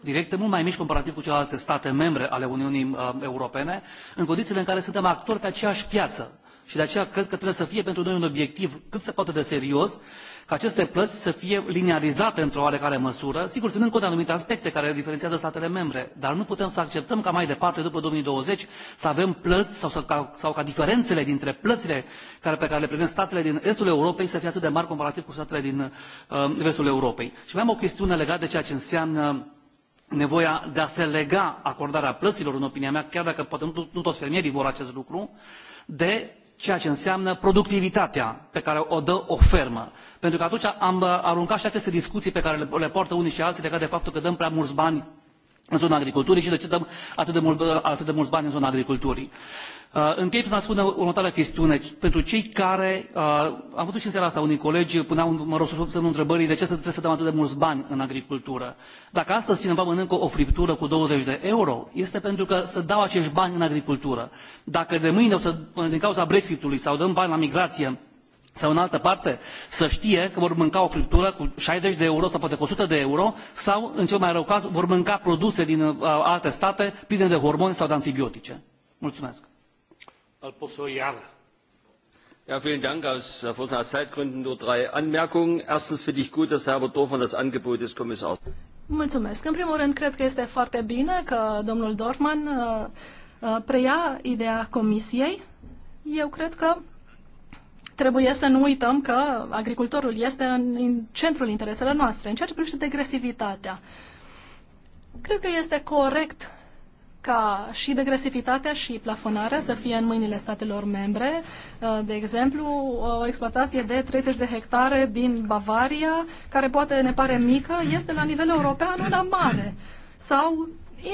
directe mult mai mici comparativ cu celelalte state membre ale Uniunii uh, Europene, în condițiile în care suntem actori pe aceeași piață și de aceea cred că trebuie să fie pentru noi un obiectiv cât se poate de serios ca aceste plăți să fie linearizate într-o oarecare măsură, sigur ținând cont de anumite aspecte care diferențiază statele membre, dar nu putem să acceptăm ca mai departe, după 2020, să avem plăți sau, să, ca, sau ca diferențele dintre plățile care, pe care le primesc statele din estul Europei să fie atât de mari comparativ cu statele din uh, vestul Europei. Și mai am o chestiune legată de ceea ce înseamnă nevoia de a se lega acordarea plăților, în opinia mea, chiar dacă poate nu, nu toți fermierii vor acest lucru, de ceea ce înseamnă productivitatea pe care o dă o fermă. Pentru că atunci am uh, aruncat și aceste discuții pe care le, poartă unii și alții legat de faptul că dăm prea mulți bani în zona agriculturii și de ce dăm atât de, mult, uh, atât de mulți bani în zona agriculturii. Uh, închei prin a spune următoarea chestiune. Pentru cei care, uh, am văzut și în seara asta, unii colegi puneau, mă rog, să semnul întrebării, de ce trebuie să dăm atât de mulți bani în agricultură? Dacă astăzi cineva mănâncă o friptură cu 20 de euro, este pentru că să dau acești bani în agricultură. Dacă de mâine, să, din cauza Brexitului, sau dăm bani la migrație, sau în altă parte, să știe că vor mânca o friptură cu 60 de euro sau poate cu 100 de euro sau, în cel mai rău caz, vor mânca produse din uh, alte state pline de hormoni sau de antibiotice. Mulțumesc! vielen Dank. Äh, aus Zeitgründen nur drei Anmerkungen. Erstens finde ich gut, dass Herbert Dorfmann das Angebot des Kommissars. Mulțumesc. În primul rând, cred că este foarte bine că domnul Dorfman uh, uh, preia ideea comisiei. Eu cred că trebuie să nu uităm că agricultorul este în, în centrul intereselor noastre. În ceea ce privește degresivitatea, cred că este corect ca și degresivitatea și plafonarea să fie în mâinile statelor membre. Uh, de exemplu, o exploatație de 30 de hectare din Bavaria, care poate ne pare mică, este la nivel european una mare. Sau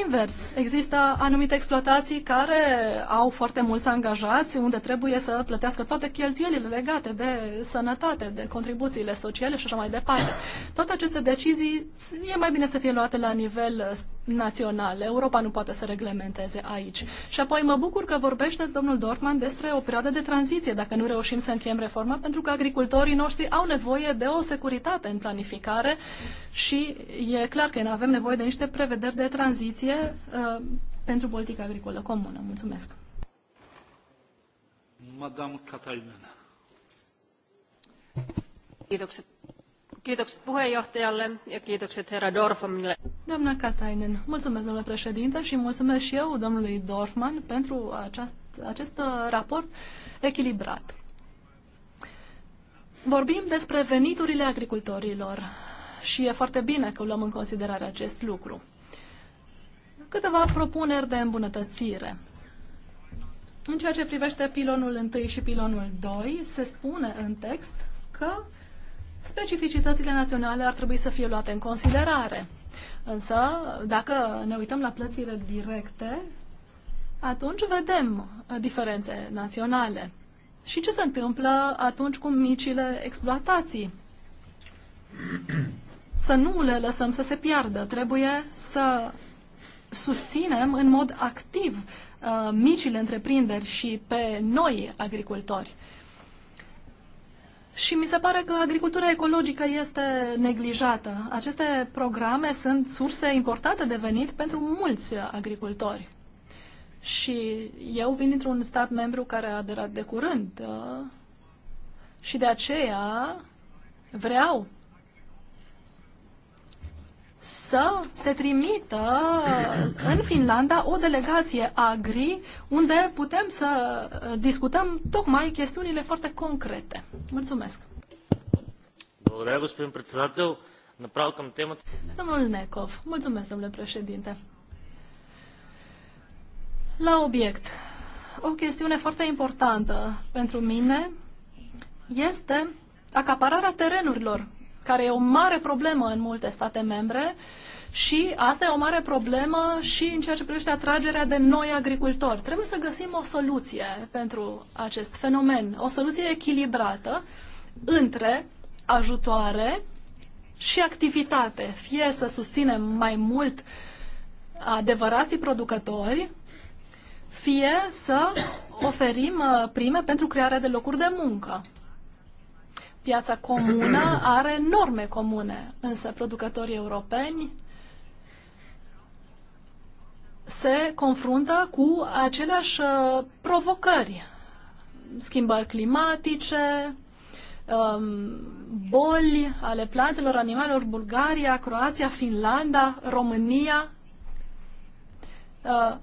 invers. Există anumite exploatații care au foarte mulți angajați, unde trebuie să plătească toate cheltuielile legate de sănătate, de contribuțiile sociale și așa mai departe. Toate aceste decizii e mai bine să fie luate la nivel naționale. Europa nu poate să reglementeze aici. Și apoi mă bucur că vorbește domnul Dortman despre o perioadă de tranziție, dacă nu reușim să încheiem reforma, pentru că agricultorii noștri au nevoie de o securitate în planificare și e clar că avem nevoie de niște prevederi de tranziție uh, pentru politica agricolă comună. Mulțumesc. Madame Catalina. Kiitokset puheenjohtajalle ja kiitokset herra Dorfmanille. Doamna Katainen, mulțumesc, domnule președinte, și mulțumesc și eu, domnului Dorfman, pentru acest raport echilibrat. Vorbim despre veniturile agricultorilor și e foarte bine că luăm în considerare acest lucru. Câteva propuneri de îmbunătățire. În ceea ce privește pilonul 1 și pilonul 2, se spune în text că specificitățile naționale ar trebui să fie luate în considerare. Însă, dacă ne uităm la plățile directe, atunci vedem uh, diferențe naționale. Și ce se întâmplă atunci cu micile exploatații? Să nu le lăsăm să se piardă. Trebuie să susținem în mod activ uh, micile întreprinderi și pe noi agricultori. Și mi se pare că agricultura ecologică este neglijată. Aceste programe sunt surse importante de venit pentru mulți agricultori. Și eu vin dintr-un stat membru care a aderat de curând uh, și de aceea vreau să se trimită în Finlanda o delegație agri unde putem să uh, discutăm tocmai chestiunile foarte concrete. Mulțumesc! Domnul Necov, mulțumesc, domnule președinte. La obiect, o chestiune foarte importantă pentru mine este acapararea terenurilor care e o mare problemă în multe state membre și asta e o mare problemă și în ceea ce privește atragerea de noi agricultori. Trebuie să găsim o soluție pentru acest fenomen, o soluție echilibrată între ajutoare și activitate. Fie să susținem mai mult adevărații producători, fie să oferim uh, prime pentru crearea de locuri de muncă. Piața comună are norme comune, însă producătorii europeni se confruntă cu aceleași uh, provocări. Schimbări climatice, um, boli ale plantelor, animalelor, Bulgaria, Croația, Finlanda, România. Uh,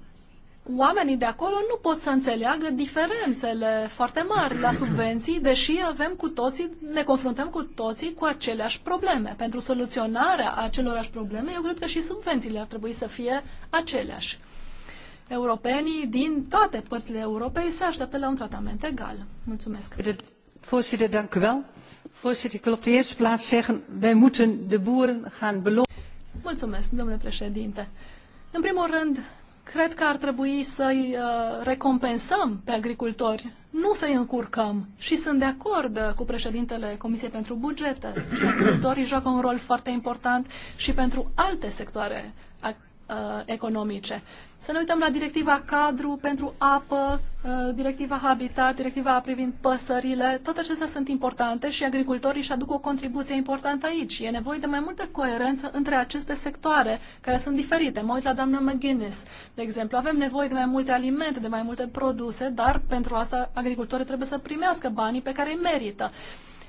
oamenii de acolo nu pot să înțeleagă diferențele foarte mari la subvenții, deși avem cu toții, ne confruntăm cu toții cu aceleași probleme. Pentru soluționarea acelorași probleme, eu cred că și subvențiile ar trebui să fie aceleași. Europenii din toate părțile Europei se așteaptă la un tratament egal. Mulțumesc. Voorzitter, dank u wel. Voorzitter, ik wil op de eerste plaats zeggen, wij moeten de boeren gaan Mulțumesc, domnule președinte. În primul rând, Cred că ar trebui să-i uh, recompensăm pe agricultori, nu să-i încurcăm. Și sunt de acord uh, cu președintele Comisiei pentru Bugete. Agricultorii joacă un rol foarte important și pentru alte sectoare uh, economice. Să ne uităm la directiva cadru pentru apă, uh, directiva habitat, directiva privind păsările. Toate acestea sunt importante și agricultorii își aduc o contribuție importantă aici. E nevoie de mai multă coerență între aceste sectoare care sunt diferite. Mă uit la doamna McGuinness. De exemplu, avem nevoie de mai multe alimente, de mai multe produse, dar pentru asta agricultorii trebuie să primească banii pe care îi merită.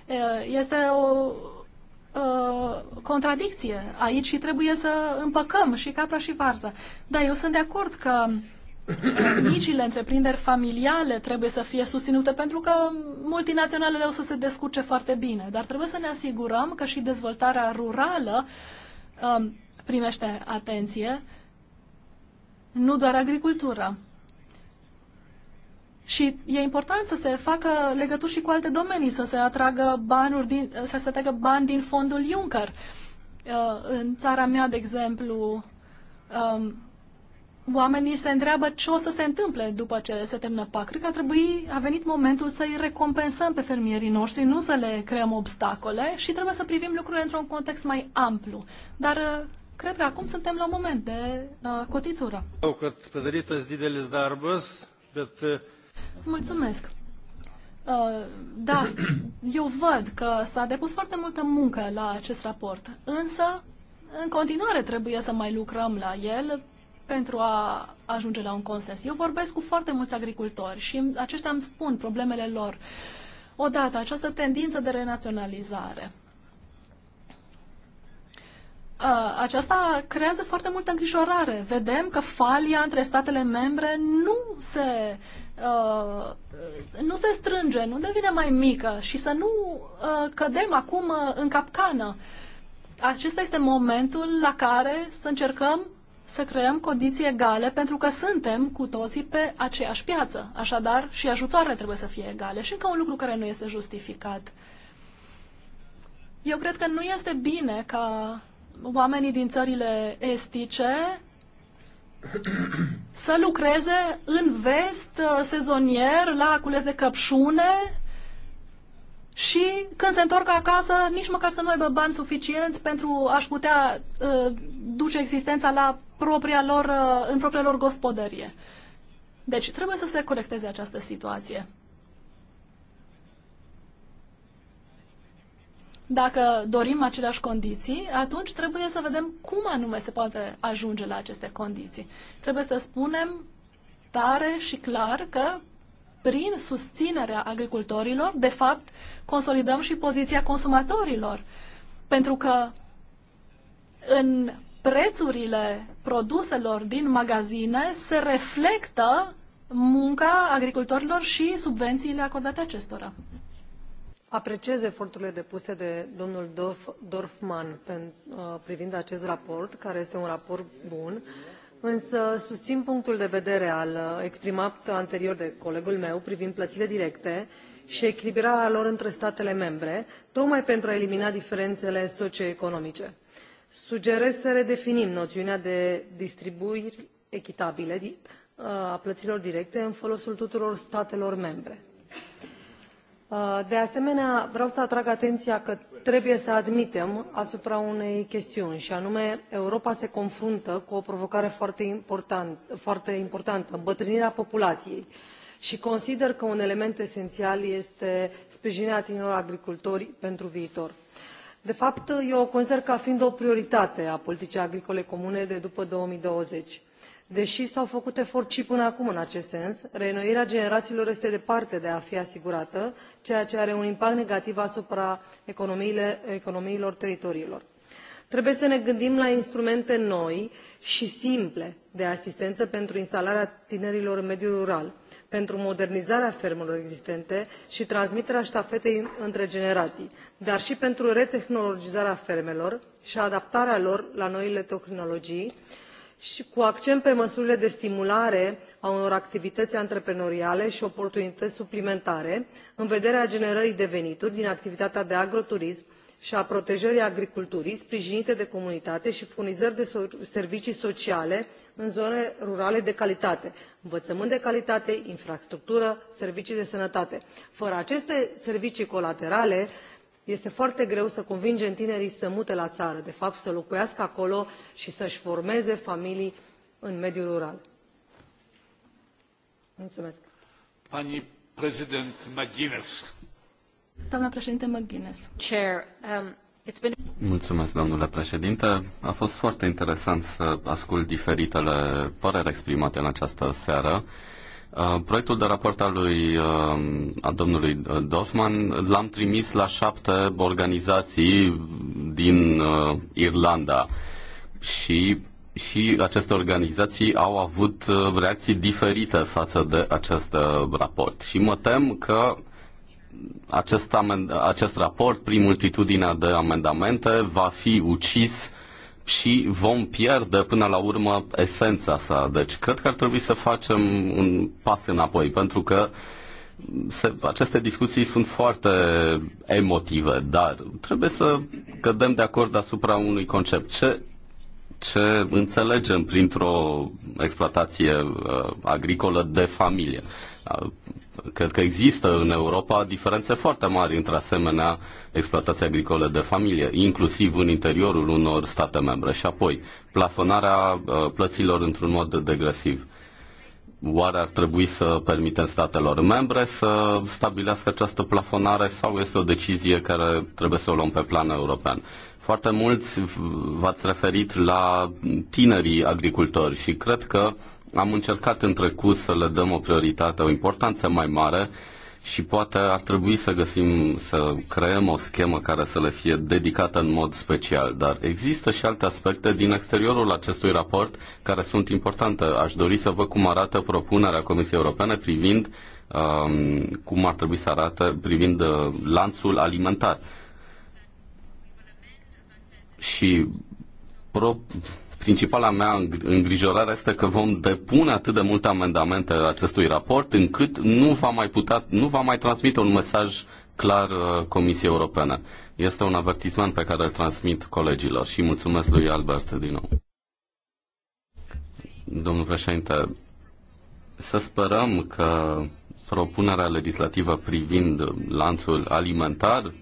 Uh, este o, Uh, contradicție aici și trebuie să împăcăm și capra și varza. Da, eu sunt de acord că um, micile întreprinderi familiale trebuie să fie susținute pentru că multinaționalele o să se descurce foarte bine, dar trebuie să ne asigurăm că și dezvoltarea rurală um, primește atenție, nu doar agricultura. Și e important să se facă legături și cu alte domenii, să se atragă banuri din, să se atragă bani din fondul Juncker. Uh, în țara mea, de exemplu, um, oamenii se întreabă ce o să se întâmple după ce se termină PAC. Cred că a trebuit, a venit momentul să-i recompensăm pe fermierii noștri, nu să le creăm obstacole și trebuie să privim lucrurile într-un context mai amplu. Dar uh, cred că acum suntem la un moment de uh, cotitură. Au, kad padarytas didelis darbas, bet Mulțumesc! Uh, da, eu văd că s-a depus foarte multă muncă la acest raport, însă în continuare trebuie să mai lucrăm la el pentru a ajunge la un consens. Eu vorbesc cu foarte mulți agricultori și aceștia îmi spun problemele lor. Odată, această tendință de renaționalizare. Uh, aceasta creează foarte multă îngrijorare. Vedem că falia între statele membre nu se Uh, nu se strânge, nu devine mai mică și să nu uh, cădem acum uh, în capcană. Acesta este momentul la care să încercăm să creăm condiții egale pentru că suntem cu toții pe aceeași piață. Așadar, și ajutoarele trebuie să fie egale. Și încă un lucru care nu este justificat. Eu cred că nu este bine ca oamenii din țările estice să lucreze în vest, uh, sezonier, la cules de căpșune și când se întorc acasă, nici măcar să nu aibă bani suficienți pentru a-și putea uh, duce existența la propria lor, uh, în propria lor gospodărie. Deci trebuie să se corecteze această situație. Dacă dorim aceleași condiții, atunci trebuie să vedem cum anume se poate ajunge la aceste condiții. Trebuie să spunem tare și clar că prin susținerea agricultorilor, de fapt, consolidăm și poziția consumatorilor. Pentru că în prețurile produselor din magazine se reflectă munca agricultorilor și subvențiile acordate acestora apreciez eforturile depuse de domnul dorfmann uh, privind acest raport care este un raport bun însă susțin punctul de vedere al, uh, exprimat anterior de colegul meu privind plățile directe și echilibrarea lor între statele membre tocmai pentru a elimina diferențele socioeconomice. sugerez să redefinim noțiunea de distribuiri echitabile uh, a plăților directe în folosul tuturor statelor membre Uh, de asemenea, vreau să atrag atenția că trebuie să admitem asupra unei chestiuni, și anume Europa se confruntă cu o provocare foarte, important, foarte importantă, îmbătrânirea populației. Și consider că un element esențial este sprijinirea tinerilor agricultori pentru viitor. De fapt, eu o consider ca fiind o prioritate a politicii agricole comune de după 2020 Deși s-au făcut eforturi și până acum în acest sens, reînnoirea generațiilor este departe de a fi asigurată, ceea ce are un impact negativ asupra economiilor teritoriilor. Trebuie să ne gândim la instrumente noi și simple de asistență pentru instalarea tinerilor în mediul rural, pentru modernizarea fermelor existente și transmiterea ștafetei între generații, dar și pentru retehnologizarea fermelor și adaptarea lor la noile tehnologii, și cu accent pe măsurile de stimulare a unor activități antreprenoriale și oportunități suplimentare în vederea generării de venituri din activitatea de agroturism și a protejării agriculturii sprijinite de comunitate și furnizări de servicii sociale în zone rurale de calitate învățământ de calitate infrastructură servicii de sănătate. fără aceste servicii colaterale este foarte greu să convingem tinerii să mute la țară de fapt să locuiască acolo și să și formeze familii în mediul rural. Mulțumesc. Pani prezident McGuinness. Doamna președinte McGuinness. Chair, um, it's been... Mulțumesc, domnule președinte. A fost foarte interesant să ascult diferitele păreri exprimate în această seară. Uh, proiectul de raport al lui uh, a domnului uh, Dorfman l-am trimis la șapte organizații din Irlanda și și aceste organizații au avut reacții diferite față de acest raport. Și mă tem că acest, amend- acest raport, prin multitudinea de amendamente, va fi ucis uh, și vom pierde până la urmă esența sa. Deci cred că ar trebui să facem un pas înapoi, pentru că se, aceste discuții sunt foarte emotive, dar trebuie să cădem de acord asupra unui concept. Ce, ce înțelegem printr-o exploatație uh, agricolă de familie? Uh, Cred că există în Europa diferențe foarte mari între asemenea exploatații agricole de familie, inclusiv în interiorul unor state membre. Și apoi, plafonarea uh, plăților într-un mod degresiv. Oare ar trebui să permitem statelor membre să stabilească această plafonare sau este o decizie care trebuie să o luăm pe plan european? Foarte mulți v-ați referit la tinerii agricultori și cred că am încercat în trecut să le dăm o prioritate, o importanță mai mare și poate ar trebui să găsim, să creăm o schemă care să le fie dedicată în mod special. Dar există și alte aspecte din exteriorul acestui raport care sunt importante. Aș dori să văd cum arată propunerea Comisiei Europene privind um, cum ar trebui să arate privind uh, lanțul alimentar. Și pro- Principala mea îngrijorare este că vom depune atât de multe amendamente acestui raport încât nu va mai putea, nu va mai transmite un mesaj clar uh, Comisiei Europene. Este un avertisment pe care îl transmit colegilor și mulțumesc lui Albert din nou. Domnul președinte, să sperăm că propunerea legislativă privind lanțul alimentar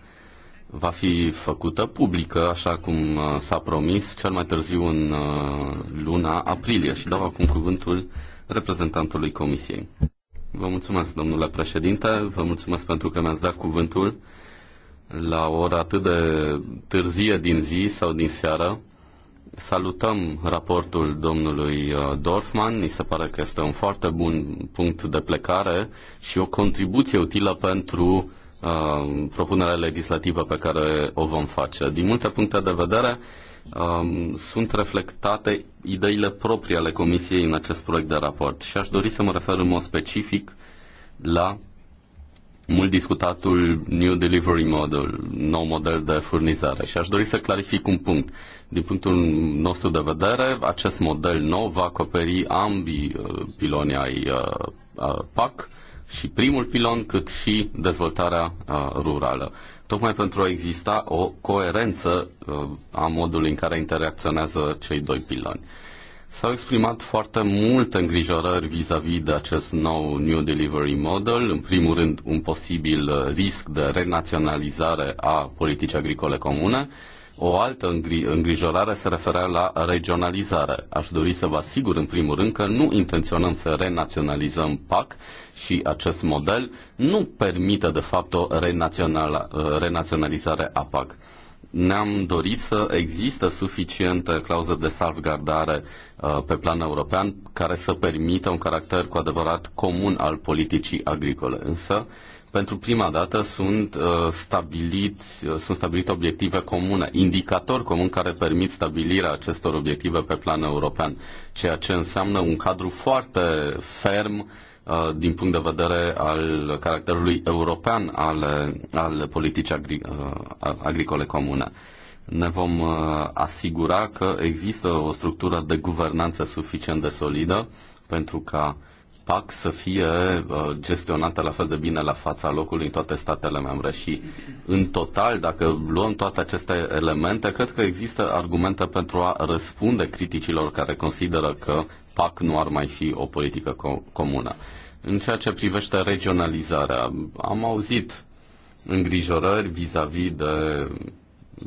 va fi făcută publică, așa cum uh, s-a promis, cel mai târziu în uh, luna aprilie. Și dau acum cuvântul reprezentantului Comisiei. Vă mulțumesc, domnule președinte, vă mulțumesc pentru că mi-ați dat cuvântul la o oră atât de târzie din zi sau din seară. Salutăm raportul domnului uh, Dorfman, mi se pare că este un foarte bun punct de plecare și o contribuție utilă pentru Um, propunerea legislativă pe care o vom face. Din multe puncte de vedere, um, sunt reflectate ideile proprii ale Comisiei în acest proiect de raport și aș dori să mă refer în mod specific la mult discutatul New Delivery Model, nou model de furnizare. Și aș dori să clarific un punct. Din punctul nostru de vedere, acest model nou va acoperi ambii uh, piloni ai uh, uh, PAC, și primul pilon, cât și dezvoltarea uh, rurală. Tocmai pentru a exista o coerență uh, a modului în care interacționează cei doi piloni. S-au exprimat foarte multe îngrijorări vis-a-vis -vis de acest nou New Delivery Model, în primul rând un posibil risc de renaționalizare a politicii agricole comune, o altă îngrijorare se referă la regionalizare. Aș dori să vă asigur, în primul rând, că nu intenționăm să renaționalizăm PAC și acest model nu permite, de fapt, o renaționalizare a PAC ne-am dorit să există suficientă clauză de salvgardare uh, pe plan european care să permită un caracter cu adevărat comun al politicii agricole. Însă, pentru prima dată sunt, uh, stabilit, uh, sunt stabilite obiective comune, indicatori comuni care permit stabilirea acestor obiective pe plan european, ceea ce înseamnă un cadru foarte ferm uh, din punct de vedere al caracterului european al, al politicii agri, uh, agricole comune. Ne vom uh, asigura că există o structură de guvernanță suficient de solidă pentru ca uh, PAC să fie uh, gestionată la fel de bine la fața locului în toate statele membre și în total, dacă luăm toate aceste elemente, cred că există argumente pentru a răspunde criticilor care consideră că PAC nu ar mai fi o politică comună. În ceea ce privește regionalizarea, am auzit îngrijorări vis-a-vis -vis de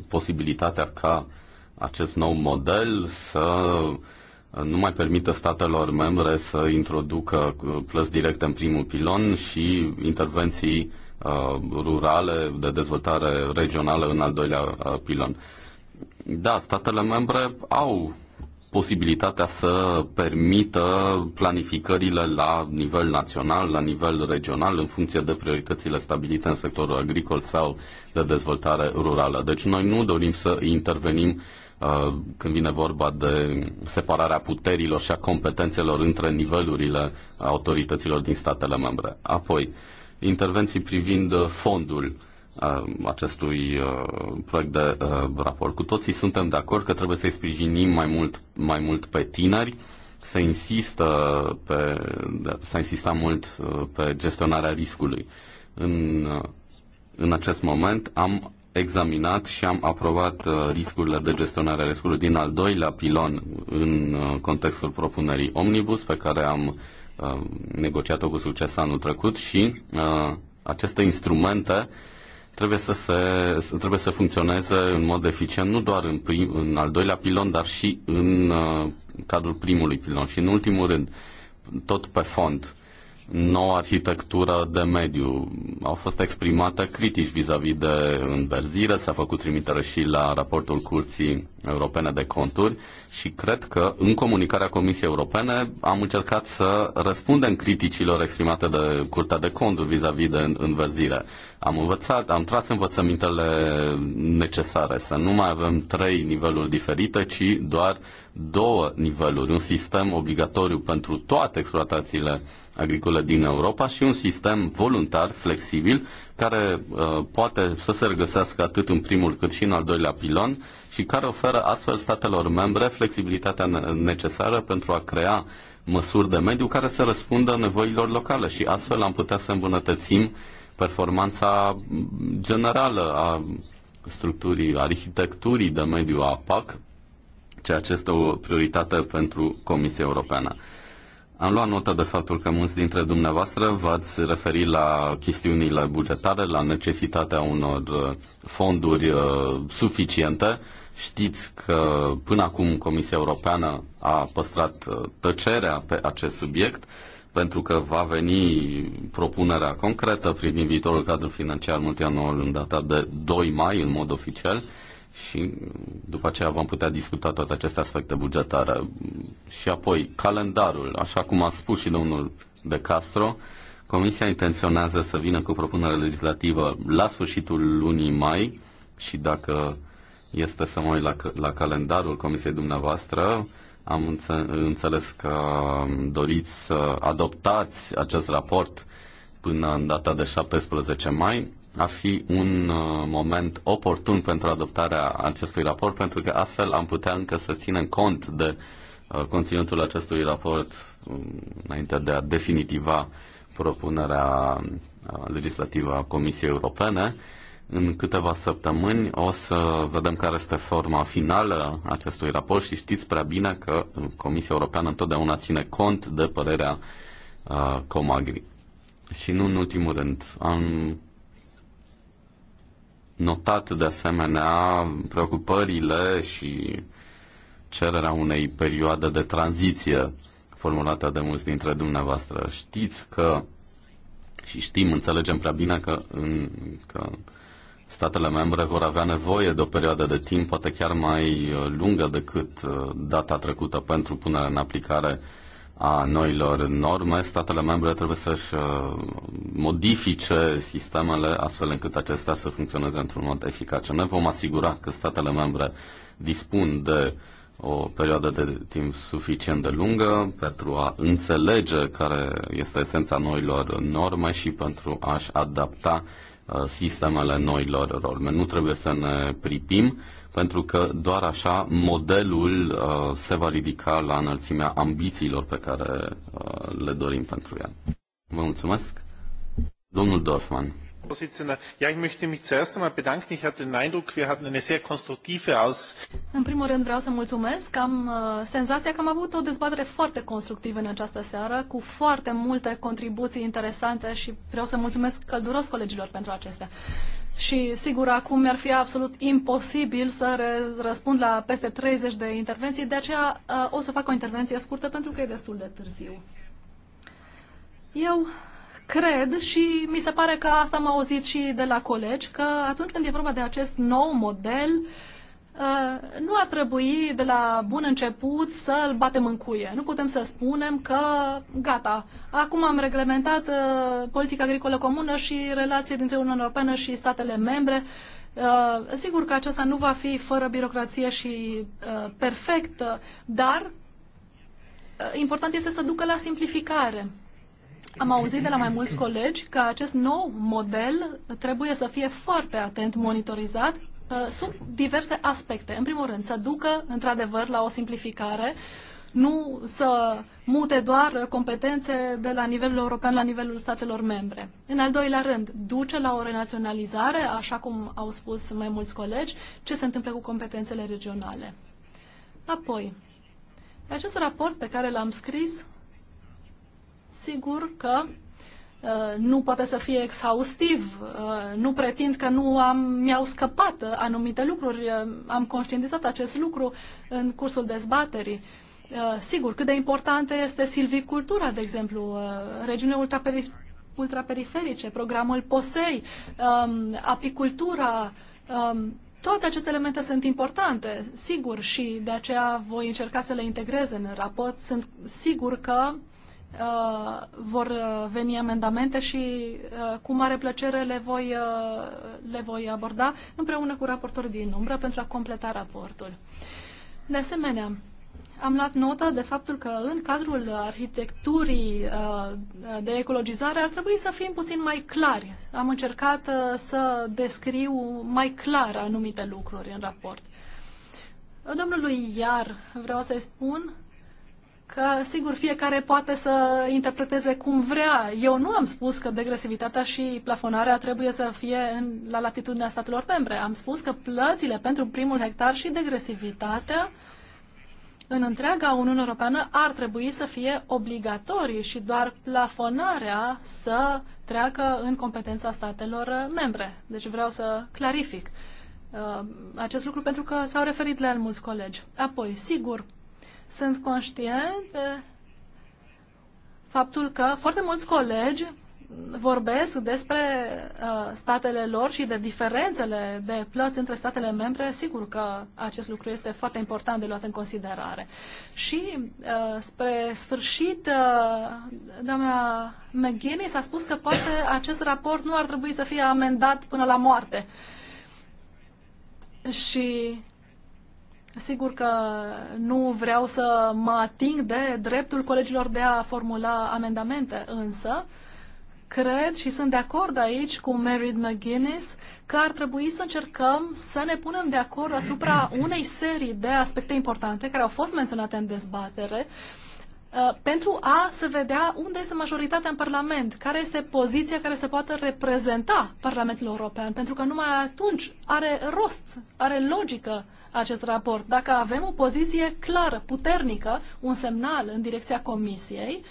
posibilitatea ca acest nou model să uh, nu mai permită statelor membre să introducă uh, plăți directe în primul pilon și intervenții uh, rurale de dezvoltare regională în al doilea uh, pilon. Da, statele membre au posibilitatea să permită planificările la nivel național, la nivel regional, în funcție de prioritățile stabilite în sectorul agricol sau de dezvoltare rurală. Deci noi nu dorim să intervenim Uh, când vine vorba de separarea puterilor și a competențelor între nivelurile autorităților din statele membre. Apoi, intervenții privind uh, fondul uh, acestui proiect de raport. Cu toții suntem de acord că trebuie să-i sprijinim mai mult, mai mult pe tineri, să insistă pe, să insista mult pe gestionarea riscului. În, în acest moment am examinat și am aprobat uh, riscurile de gestionare a riscurilor din al doilea pilon în uh, contextul propunerii Omnibus pe care am uh, negociat-o cu succes anul trecut și aceste instrumente trebuie să, se, trebuie să funcționeze în mod eficient, nu doar în, prim, în al doilea pilon, dar și în cadrul primului pilon. Și în ultimul rând, tot pe fond, noua arhitectură de mediu. Au fost exprimate critici vis-a-vis -vis de înverzire, s-a făcut trimitere și la raportul Curții Europene de Conturi și cred că în comunicarea Comisiei Europene am încercat să răspundem criticilor exprimate de Curtea de Conturi vis-a-vis -vis de înverzire. Am învățat, am tras învățămintele necesare, să nu mai avem trei niveluri diferite, ci doar două niveluri, un sistem obligatoriu pentru toate exploatațiile agricole din Europa și un sistem voluntar, flexibil, care uh, poate să se regăsească atât în primul cât și în al doilea pilon și care oferă astfel statelor membre flexibilitatea necesară pentru a crea măsuri de mediu care să răspundă nevoilor locale și astfel am putea să îmbunătățim performanța generală a structurii, arhitecturii de mediu a PAC, ceea ce este o prioritate pentru Comisia Europeană. Am luat notă de faptul că mulți dintre dumneavoastră v-ați referit la chestiunile bugetare, la necesitatea unor uh, fonduri uh, suficiente. Știți că până acum Comisia Europeană a păstrat uh, tăcerea pe acest subiect pentru că va veni propunerea concretă privind viitorul cadru financiar multianual în data de 2 mai în mod oficial și după aceea vom putea discuta toate aceste aspecte bugetare. Și apoi, calendarul, așa cum a spus și domnul De Castro, Comisia intenționează să vină cu propunerea legislativă la sfârșitul lunii mai și dacă este să mă uit la, la calendarul Comisiei dumneavoastră, am înțeles că doriți să adoptați acest raport până în data de 17 mai ar fi un uh, moment oportun pentru adoptarea acestui raport, pentru că astfel am putea încă să ținem cont de uh, conținutul acestui raport um, înainte de a definitiva propunerea uh, legislativă a Comisiei Europene. În câteva săptămâni o să vedem care este forma finală acestui raport și știți prea bine că Comisia Europeană întotdeauna ține cont de părerea uh, Comagri. Și nu în ultimul rând, am notat de asemenea preocupările și cererea unei perioade de tranziție formulată de mulți dintre dumneavoastră. Știți că și știm, înțelegem prea bine că, în, că statele membre vor avea nevoie de o perioadă de timp, poate chiar mai lungă decât uh, data trecută pentru punerea în aplicare a noilor norme, statele membre trebuie să-și uh, modifice sistemele astfel încât acestea să funcționeze într-un mod eficace. Ne vom asigura că statele membre dispun de o perioadă de timp suficient de lungă pentru a înțelege care este esența noilor norme și pentru a-și adapta Uh, sistemele noilor norme. Nu trebuie să ne pripim, pentru că doar așa modelul uh, se va ridica la înălțimea ambițiilor pe care uh, le dorim pentru el. Vă mulțumesc. Domnul Dorfman. Ja, ich möchte mich zuerst einmal bedanken. Ich hatte den Eindruck, wir hatten eine sehr konstruktive aus. În primul rând vreau să mulțumesc. Am uh, senzația că am avut o dezbatere foarte constructivă în această seară, cu foarte multe contribuții interesante și vreau să mulțumesc călduros colegilor pentru acestea. Și sigur, acum mi-ar fi absolut imposibil să răspund la peste 30 de intervenții, de aceea uh, o să fac o intervenție scurtă pentru că e destul de târziu. Eu cred și mi se pare că asta am auzit și de la colegi, că atunci când e vorba de acest nou model, uh, nu ar trebui de la bun început să-l batem în cuie. Nu putem să spunem că gata, acum am reglementat uh, politica agricolă comună și relații dintre Uniunea Europeană și statele membre. Uh, sigur că acesta nu va fi fără birocrație și perfectă, dar important este să ducă la simplificare. Am auzit de la mai mulți colegi că acest nou model trebuie să fie foarte atent monitorizat uh, sub diverse aspecte. În primul rând, să ducă într-adevăr la o simplificare, nu să mute doar competențe de la nivelul european la nivelul statelor membre. În al doilea rând, duce la o renaționalizare, așa cum au spus mai mulți colegi, ce se întâmplă cu competențele regionale. Apoi, acest raport pe care l-am scris Sigur că uh, nu poate să fie exhaustiv. Uh, nu pretind că nu am, mi-au scăpat anumite lucruri. Uh, am conștientizat acest lucru în cursul dezbaterii. Sigur, cât de importantă este silvicultura, de exemplu, regiunea ultraperif- ultraperiferice, programul POSEI, um, apicultura, um, toate aceste elemente sunt importante, sigur, și de aceea voi încerca să le integrez în raport. Sunt sigur că Uh, vor uh, veni amendamente și uh, cu mare plăcere le voi, uh, le voi aborda împreună cu raportorii din umbră pentru a completa raportul. De asemenea, am luat notă de faptul că în cadrul arhitecturii uh, de ecologizare ar trebui să fim puțin mai clari. Am încercat să descriu mai clar anumite lucruri în raport. Domnului Iar vreau să-i spun că, sigur, fiecare poate să interpreteze cum vrea. Eu nu am spus că degresivitatea și plafonarea trebuie să fie în, la latitudinea statelor membre. Am spus că plățile pentru primul hectar și degresivitatea în întreaga Uniune Europeană ar trebui să fie obligatorii și doar plafonarea să treacă în competența statelor membre. Deci vreau să clarific uh, acest lucru pentru că s-au referit la el mulți colegi. Apoi, sigur, sunt conștient de faptul că foarte mulți colegi vorbesc despre uh, statele lor și de diferențele de plăți între statele membre, sigur că acest lucru este foarte important de luat în considerare. Și uh, spre sfârșit, uh, doamna McGuinness s-a spus că poate acest raport nu ar trebui să fie amendat până la moarte. Și Sigur că nu vreau să mă ating de dreptul colegilor de a formula amendamente, însă cred și sunt de acord aici cu Merit McGuinness că ar trebui să încercăm să ne punem de acord asupra unei serii de aspecte importante care au fost menționate în dezbatere uh, pentru a se vedea unde este majoritatea în Parlament, care este poziția care se poate reprezenta Parlamentul European, pentru că numai atunci are rost, are logică uh, acest raport. Dacă avem o poziție clară, puternică, un semnal în direcția Comisiei,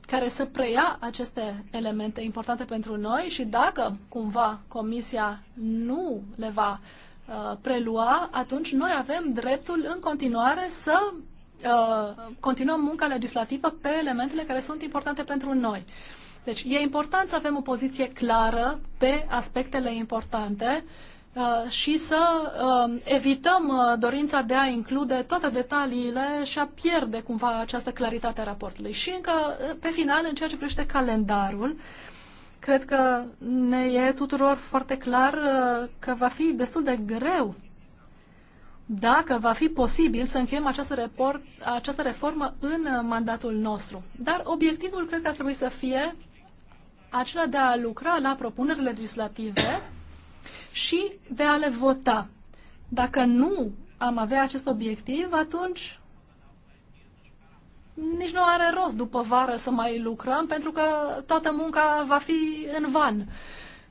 care să preia aceste elemente importante pentru noi și dacă cumva Comisia nu le va uh, prelua, atunci noi avem dreptul în continuare să uh, continuăm munca legislativă pe elementele care sunt importante pentru noi. Deci e important să avem o poziție clară pe aspectele importante uh, Uh, și să um, evităm uh, dorința de a include toate detaliile și a pierde cumva această claritate a raportului. Și încă, uh, pe final, în ceea ce privește calendarul, cred că ne e tuturor foarte clar că va fi destul de greu dacă va fi posibil să încheiem această, report, această reformă în mandatul nostru. Dar obiectivul cred că ar trebui să fie acela de a lucra la propuneri legislative și de a le vota. Dacă nu am avea acest obiectiv, atunci nici nu are rost după vară să mai lucrăm, pentru că toată munca va fi în van.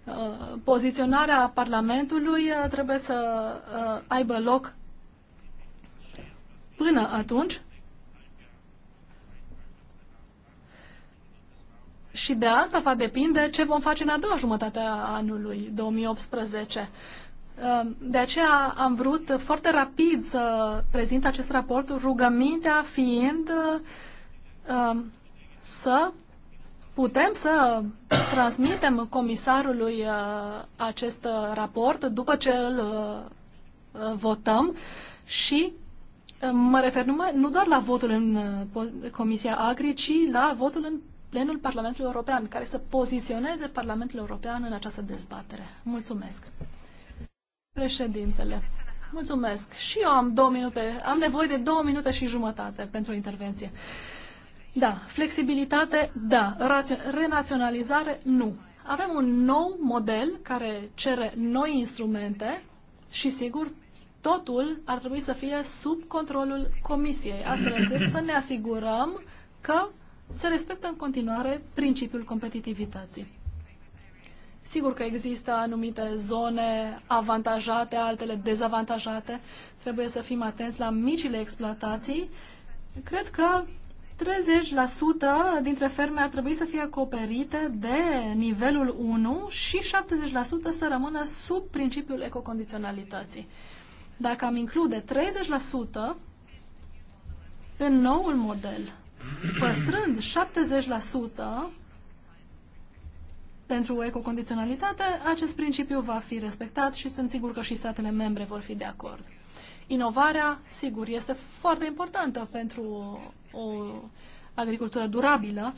Uh, poziționarea Parlamentului uh, trebuie să uh, aibă loc până atunci Și de asta va depinde ce vom face în a doua jumătate a anului 2018. Ehm, de aceea am vrut foarte rapid să prezint acest raport, rugămintea fiind ehm, să putem să transmitem comisarului eh, acest raport după ce îl eh, votăm și eh, mă refer numai, nu doar la votul în Comisia Agri, ci la votul în plenul Parlamentului European, care să poziționeze Parlamentul European în această dezbatere. Mulțumesc. Președintele, mulțumesc. Și eu am două minute, am nevoie de două minute și jumătate pentru intervenție. Da, flexibilitate, da, renaționalizare, nu. Avem un nou model care cere noi instrumente și, sigur, totul ar trebui să fie sub controlul Comisiei, astfel încât să ne asigurăm că se respectă în continuare principiul competitivității. Sigur că există anumite zone avantajate, altele dezavantajate. Trebuie să fim atenți la micile exploatații. Cred că 30% dintre ferme ar trebui să fie acoperite de nivelul 1 și 70% să rămână sub principiul ecocondiționalității. Dacă am include 30% în noul model păstrând 70% pentru ecocondiționalitate, acest principiu va fi respectat și sunt sigur că și statele membre vor fi de acord. Inovarea, sigur, este foarte importantă pentru o agricultură durabilă.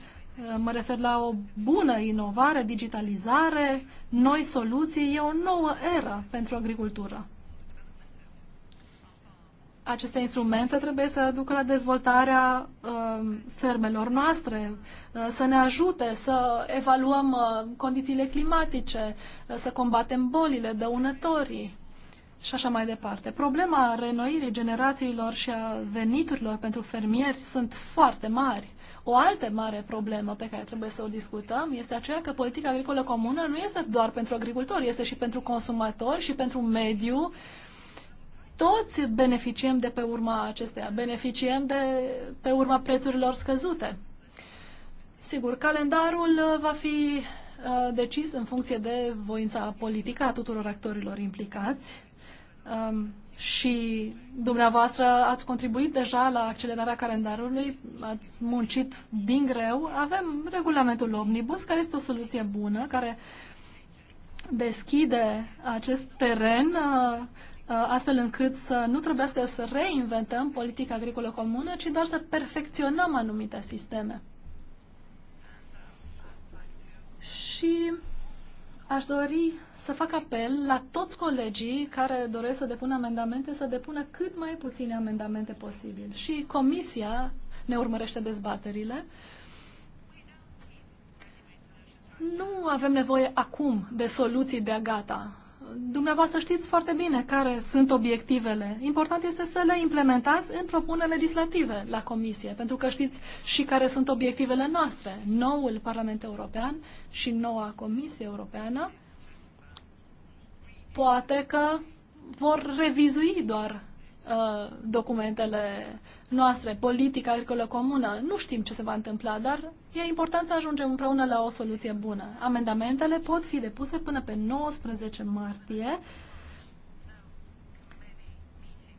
Mă refer la o bună inovare, digitalizare, noi soluții. E o nouă eră pentru agricultură aceste instrumente trebuie să ducă la dezvoltarea uh, fermelor noastre, uh, să ne ajute să evaluăm uh, condițiile climatice, uh, să combatem bolile, dăunătorii și așa mai departe. Problema renoirii generațiilor și a veniturilor pentru fermieri sunt foarte mari. O altă mare problemă pe care trebuie să o discutăm este aceea că politica agricolă comună nu este doar pentru agricultori, este și pentru consumatori și pentru mediu, uh, toți beneficiem de pe urma acesteia, beneficiem de pe urma prețurilor scăzute. Sigur, calendarul uh, va fi uh, decis în funcție de voința politică a tuturor actorilor implicați um, și dumneavoastră ați contribuit deja la accelerarea calendarului, ați muncit din greu. Avem regulamentul Omnibus, care este o soluție bună, care deschide acest teren uh, Uh, astfel încât să nu trebuiască să reinventăm politica agricolă comună, ci doar să perfecționăm anumite sisteme. Și aș dori să fac apel la toți colegii care doresc să depună amendamente, să depună cât mai puține amendamente posibil. Și comisia ne urmărește dezbaterile. Nu avem nevoie acum de soluții de-a gata dumneavoastră știți foarte bine care sunt obiectivele. Important este să le implementați în propunerile legislative la Comisie, pentru că știți și care sunt obiectivele noastre. Noul Parlament European și noua Comisie Europeană poate că vor revizui doar Uh, documentele noastre, politica agricolă comună. Nu știm ce se va întâmpla, dar e important să ajungem împreună la o soluție bună. Amendamentele pot fi depuse până pe 19 martie.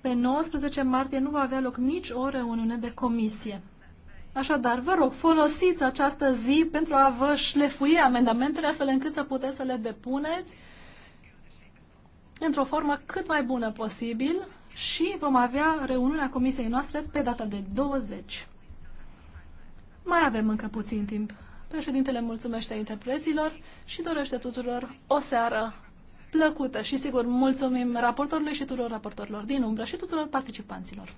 Pe 19 martie nu va avea loc nici o reuniune de comisie. Așadar, vă rog, folosiți această zi pentru a vă șlefui amendamentele astfel încât să puteți să le depuneți într-o formă cât mai bună posibil și vom avea reuniunea comisiei noastre pe data de 20. Mai avem încă puțin timp. Președintele mulțumește interpreților și dorește tuturor o seară plăcută și sigur mulțumim raportorului și tuturor raportorilor din umbră și tuturor participanților.